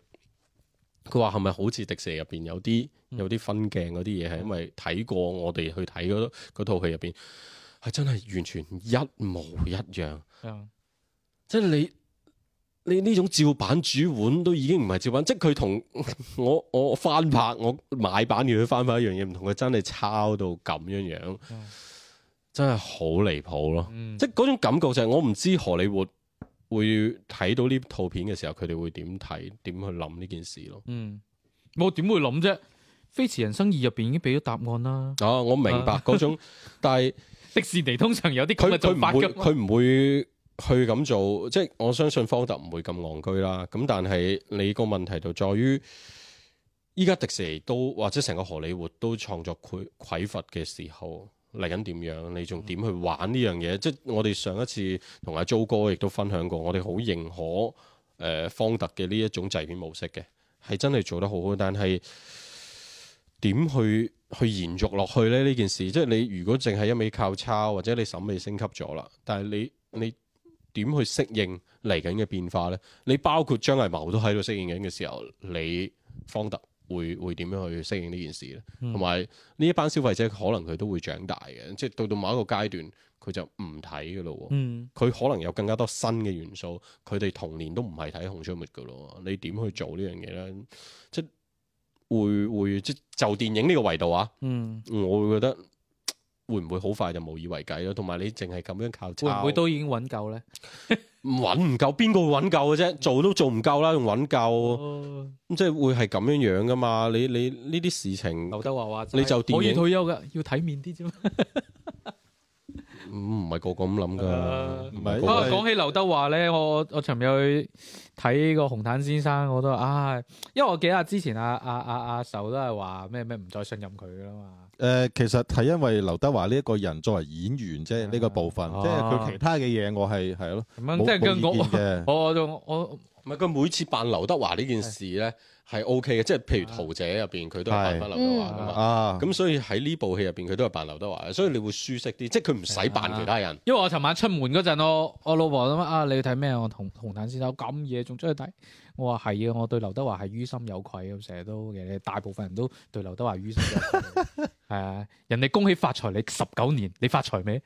佢話係咪好似迪士尼入邊有啲有啲分鏡嗰啲嘢，係因為睇過我哋去睇嗰套戲入邊，係真係完全一模一樣。嗯、即係你你呢種照版煮碗都已經唔係照版，即係佢同我我翻拍，嗯、我買版要去翻拍一樣嘢，唔同佢真係抄到咁樣樣，嗯、真係好離譜咯。嗯、即係嗰種感覺就係我唔知荷里活。會睇到呢套片嘅時候，佢哋會點睇，點去諗呢件事咯？嗯，我點會諗啫？《飛馳人生二》入邊已經俾咗答案啦。啊，我明白、啊，種，但係迪士尼通常有啲佢唔會，佢唔會去咁做。即係我相信方特唔會咁戇居啦。咁但係你個問題就在於，依家迪士尼都或者成個荷里活都創作匱乏嘅時候。嚟緊點樣？你仲點去玩呢樣嘢？嗯、即係我哋上一次同阿 Joe 哥亦都分享過，我哋好認可誒方特嘅呢一種製片模式嘅，係真係做得好好。但係點去去延續落去呢？呢件事即係你如果淨係一味靠抄，或者你審美升級咗啦，但係你你點去適應嚟緊嘅變化呢？你包括張藝謀都喺度適應緊嘅時候，你方特。會會點樣去適應呢件事咧？同埋呢一班消費者可能佢都會長大嘅，即係到到某一個階段，佢就唔睇嘅咯。嗯，佢可能有更加多新嘅元素，佢哋童年都唔係睇《紅雀末》噶咯。你點去做呢樣嘢咧？即係會會即係就電影呢個維度啊？嗯，我會覺得會唔會好快就無以為繼咯？同埋你淨係咁樣靠抄，會唔會都已經揾夠咧？ 搵唔夠，邊個會搵夠嘅啫？做都做唔夠啦，仲搵夠，咁、哦、即係會係咁樣樣噶嘛？你你呢啲事情，劉德華話，你就電影可以退休嘅，要體面啲啫嘛。唔唔係個個咁諗噶，不過講、呃、起劉德華咧、嗯，我我尋日去睇個紅毯先生，我都唉、啊，因為我記得之前阿阿阿阿壽都係話咩咩唔再信任佢噶嘛。誒、呃，其實係因為劉德華呢一個人作為演員，即係呢個部分，啊、即係佢其他嘅嘢，我係係咯，即意見嘅。我仲我唔係佢每次扮劉德華呢件事咧。係 OK 嘅，即係譬如桃姐入邊佢都係扮翻劉德華噶嘛，咁、嗯啊、所以喺呢部戲入邊佢都係扮劉德華，所以你會舒適啲，即係佢唔使扮其他人。啊、因為我尋晚出門嗰陣，我老婆諗啊，你要睇咩？我同紅毯先生咁夜仲出去睇，我話係啊，我對劉德華係於心有愧啊，成日都嘅。大部分人都對劉德華於心有愧， 啊，人哋恭喜發財你，你十九年你發財未？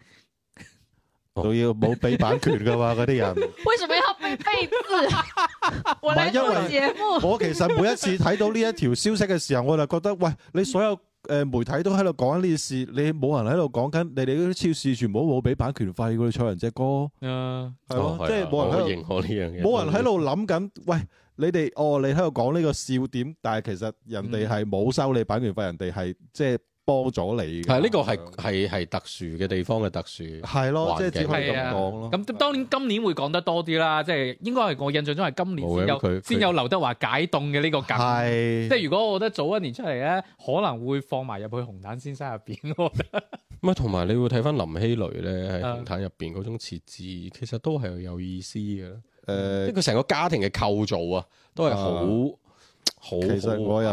都要冇俾版權噶嘛，嗰啲人。為什麼要俾費字？唔係因為我其實每一次睇到呢一條消息嘅時候，我就覺得，喂，你所有誒媒體都喺度講緊呢件事，你冇人喺度講緊，你哋嗰啲超市全部冇俾版權費，佢唱人隻歌啊，係咯，即係冇人喺度認可呢樣嘢，冇人喺度諗緊，喂，你哋哦，你喺度講呢個笑點，但係其實人哋係冇收你版權費，人哋係即係。波咗你係呢、這個係係係特殊嘅地方嘅特殊係咯，即係、就是、只可以咁講咯。咁、啊啊、當然今年會講得多啲啦，即、就、係、是、應該係我印象中係今年先有先有劉德華解凍嘅呢個梗。係是即係如果我覺得早一年出嚟咧，可能會放埋入去紅毯先生入邊。咁係同埋你會睇翻林熙蕾咧喺紅毯入邊嗰種設置，uh, 其實都係有意思嘅。誒、uh, 嗯，即係佢成個家庭嘅構造啊，都係好。Uh, 好好其實我又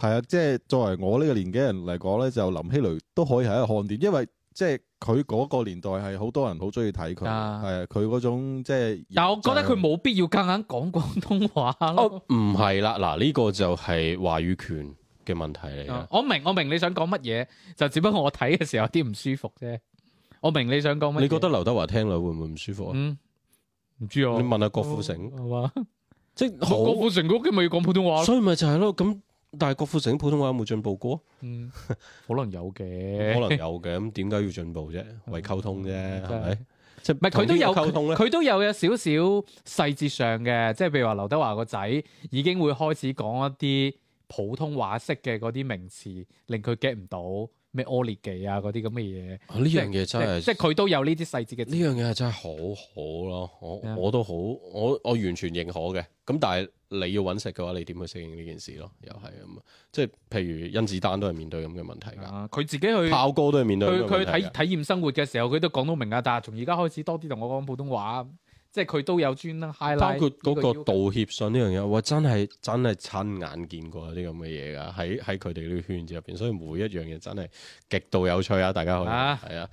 係啊，即係、嗯、的作為我呢個年紀人嚟講咧，就林熙蕾都可以係一個看點，因為即係佢嗰個年代係好多人好中意睇佢，係啊，佢嗰種即係。但我覺得佢冇必要夾硬講廣東話。哦，唔係啦，嗱呢、這個就係話語權嘅問題嚟、啊。我明，我明你想講乜嘢，就只不過我睇嘅時候有啲唔舒服啫。我明你想講乜。你覺得劉德華聽落會唔會唔舒服啊？唔、嗯、知啊。你問下郭富城係嘛？即係郭富城嘅屋企咪要講普通話，所以咪就係咯。咁但係郭富城普通話有冇進步過？嗯，可能有嘅， 可能有嘅。咁點解要進步啫？為溝通啫，係咪？即係唔係佢都有溝通咧？佢都有有少少細節上嘅，即係譬如話劉德華個仔已經會開始講一啲普通話式嘅嗰啲名詞，令佢 get 唔到。咩屙裂技啊，嗰啲咁嘅嘢。呢樣嘢真係即係佢都有呢啲細節嘅。呢樣嘢係真係好好咯，我我都好，我麼我，我，我完全認可嘅。咁但係你要揾食嘅話，你點去適應呢件事咯？又係咁啊！即係譬如甄子丹都係面對咁嘅問題㗎，佢、啊、自己去炮哥都係面對佢佢體體驗生活嘅時候，佢都講到明啊。但係從而家開始多啲同我講普通話。即係佢都有專啦，highlight 包括嗰個道歉信呢樣嘢，我真係真係親眼見過啲咁嘅嘢㗎，喺喺佢哋呢個圈子入邊，所以每一樣嘢真係極度有趣啊！大家可以係啊，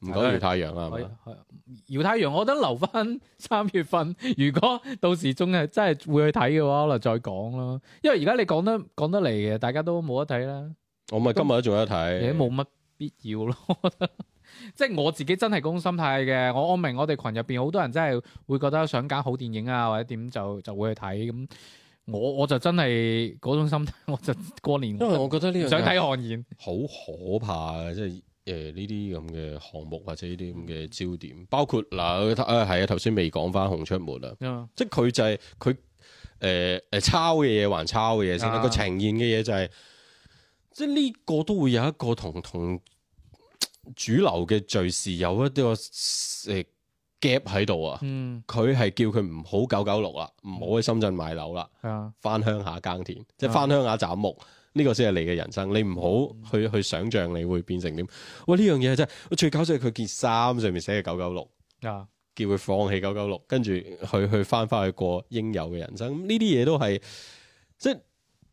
唔講姚太陽啦，係啊，吧啊啊姚太陽，我覺得留翻三月份，如果到時仲係真係會去睇嘅話，可能再講咯。因為而家你講得講得嚟嘅，大家都冇得睇啦。我咪今日都仲有得睇，冇乜必要咯。即係我自己真係嗰種心態嘅，我明我明我哋群入邊好多人真係會覺得想揀好電影啊，或者點就就會去睇，咁我我就真係嗰種心態，我就過年因為我覺得呢個想睇韓演好可怕嘅，即係誒呢啲咁嘅項目或者呢啲咁嘅焦點，包括嗱誒係啊，頭先未講翻《熊出沒》啊，即係佢就係佢誒誒抄嘅嘢還抄嘅嘢，成個呈現嘅嘢就係即係呢個都會有一個同同。主流嘅敘事有一啲個誒 gap 喺度啊，佢、欸、係、嗯、叫佢唔好九九六啦，唔好去深圳買樓啦，嗯、翻鄉下耕田，嗯、即係翻鄉下斬木呢、這個先係你嘅人生，你唔好去去想象你會變成點。喂，呢樣嘢真係真，最搞笑係佢件衫上面寫嘅九九六，叫佢放棄九九六，跟住去去翻翻去過應有嘅人生，呢啲嘢都係真。即.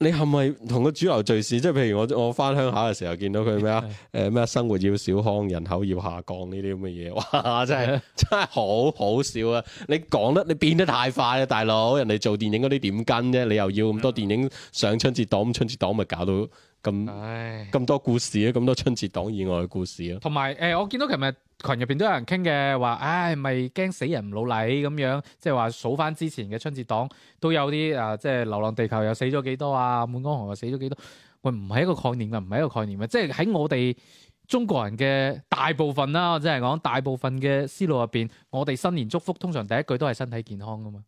你係咪同個主流敘事？即係譬如我我翻鄉下嘅時候見到佢咩啊？誒咩生活要小康，人口要下降呢啲咁嘅嘢，哇！真係真係好好笑啊！你講得你變得太快啦，大佬！人哋做電影嗰啲點跟啫？你又要咁多電影上春節檔，咁春節檔咪搞到咁咁多故事啊？咁多春節檔以外嘅故事啊？同埋誒，我見到琴日。群入邊都有人傾嘅，話唉，咪驚死人唔老禮咁樣，即係話數翻之前嘅春節檔都有啲啊，即係流浪地球又死咗幾多啊，滿江紅又死咗幾多？喂，唔係一個概念啊，唔係一個概念啊！即係喺我哋中國人嘅大部分啦，或者係講大部分嘅思路入邊，我哋新年祝福通常第一句都係身體健康噶嘛，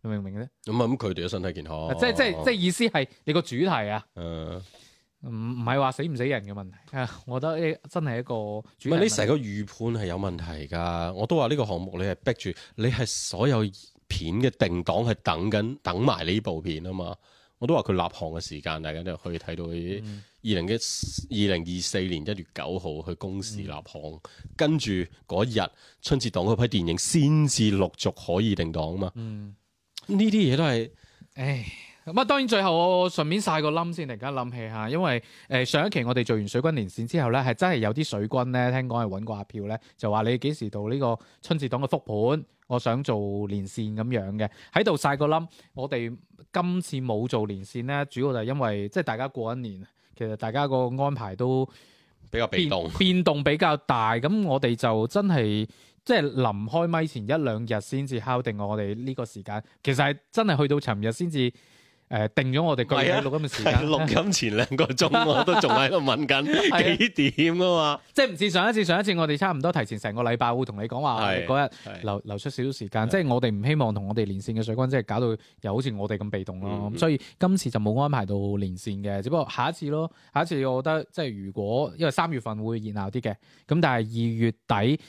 你明唔明咧？咁啊，咁佢哋嘅身體健康，即係即係即係意思係你個主題啊。嗯唔唔係話死唔死人嘅問題，我覺得呢真係一個唔係你成個預判係有問題噶，我都話呢個項目你係逼住，你係所有片嘅定檔係等緊等埋呢部片啊嘛，我都話佢立項嘅時間，大家就可以睇到二零嘅二零二四年一月九號去公示立項，嗯、跟住嗰日春節檔嗰批電影先至陸續可以定檔啊嘛，呢啲嘢都係，唉。咁啊！當然，最後我順便晒個冧先。突然間諗起嚇，因為誒上一期我哋做完水軍連線之後咧，係真係有啲水軍咧，聽講係揾過阿票咧，就話你幾時到呢個春節檔嘅復盤？我想做連線咁樣嘅喺度晒個冧。我哋今次冇做連線咧，主要就係因為即係、就是、大家過一年，其實大家個安排都比較變動變動比較大。咁我哋就真係即係臨開咪前一兩日先至敲定我哋呢個時間。其實係真係去到尋日先至。誒、呃、定咗我哋具體錄音嘅時間，錄、啊、音前兩個鐘 我都仲喺度問緊幾點啊嘛， 啊 即係唔似上一次，上一次我哋差唔多提前成個禮拜會同你講話，嗰日留留出少少時間是，即係我哋唔希望同我哋連線嘅水軍，即係搞到又好似我哋咁被動咯。咁、嗯、哼所以今次就冇安排到連線嘅，只不過下一次咯，下一次我覺得即係如果因為三月份會熱鬧啲嘅，咁但係二月底。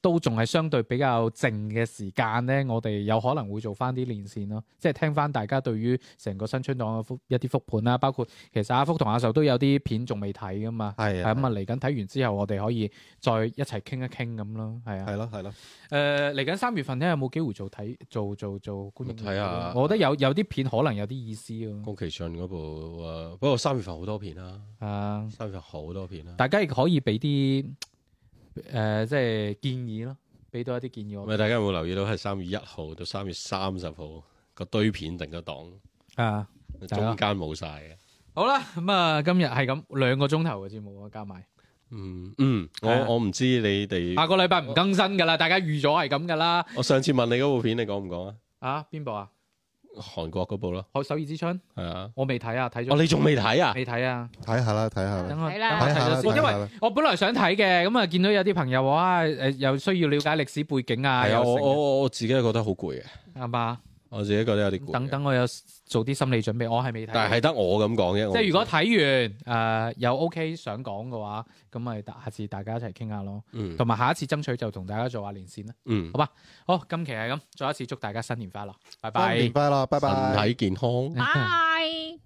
都仲係相對比較靜嘅時間咧，我哋有可能會做翻啲連線咯，即係聽翻大家對於成個新春檔嘅復一啲復盤啦，包括其實阿福同阿壽都有啲片仲未睇噶嘛。係是啊、嗯，咁啊，嚟緊睇完之後，我哋可以再一齊傾一傾咁咯。係啊，係咯係咯。誒，嚟緊三月份咧有冇機會做睇做做做觀影睇下？看啊、我覺得有有啲片可能有啲意思咯、啊。郭其信嗰部誒，不過三月份好多片啦。啊，三、啊、月份好多片啦、啊。啊、大家亦可以俾啲。誒、呃，即係建議咯，俾多一啲建議我。咪大家有冇留意到係三月一號到三月三十號個堆片定個檔？啊，中間冇晒嘅。好啦，咁啊，今日係咁兩個鐘頭嘅節目啊，加埋。嗯嗯，我我唔知你哋、啊、下個禮拜唔更新噶啦，我大家預咗係咁噶啦。我上次問你嗰部片你講講，你講唔講啊？啊，邊部啊？韓國嗰部咯，首爾之春係啊，我未睇啊，睇咗。哦，你仲未睇啊？未睇啊？睇下啦，睇下啦。等我睇下先。因為我本來想睇嘅，咁啊見到有啲朋友話啊，誒又、呃、需要了解歷史背景啊。係我我我自己覺得好攰嘅。啱嘛？我自己覺得有啲攰。等等，我有做啲心理準備，我係未睇。但係得我咁講嘅，即係如果睇完，誒、呃、有 OK 想講嘅話，咁咪下次大家一齊傾下咯。嗯，同埋下一次爭取就同大家做下連線啦。嗯，好吧？好，今期係咁，再一次祝大家新年快樂，嗯、拜拜。新年快樂，拜拜。身體健康。拜。Bye.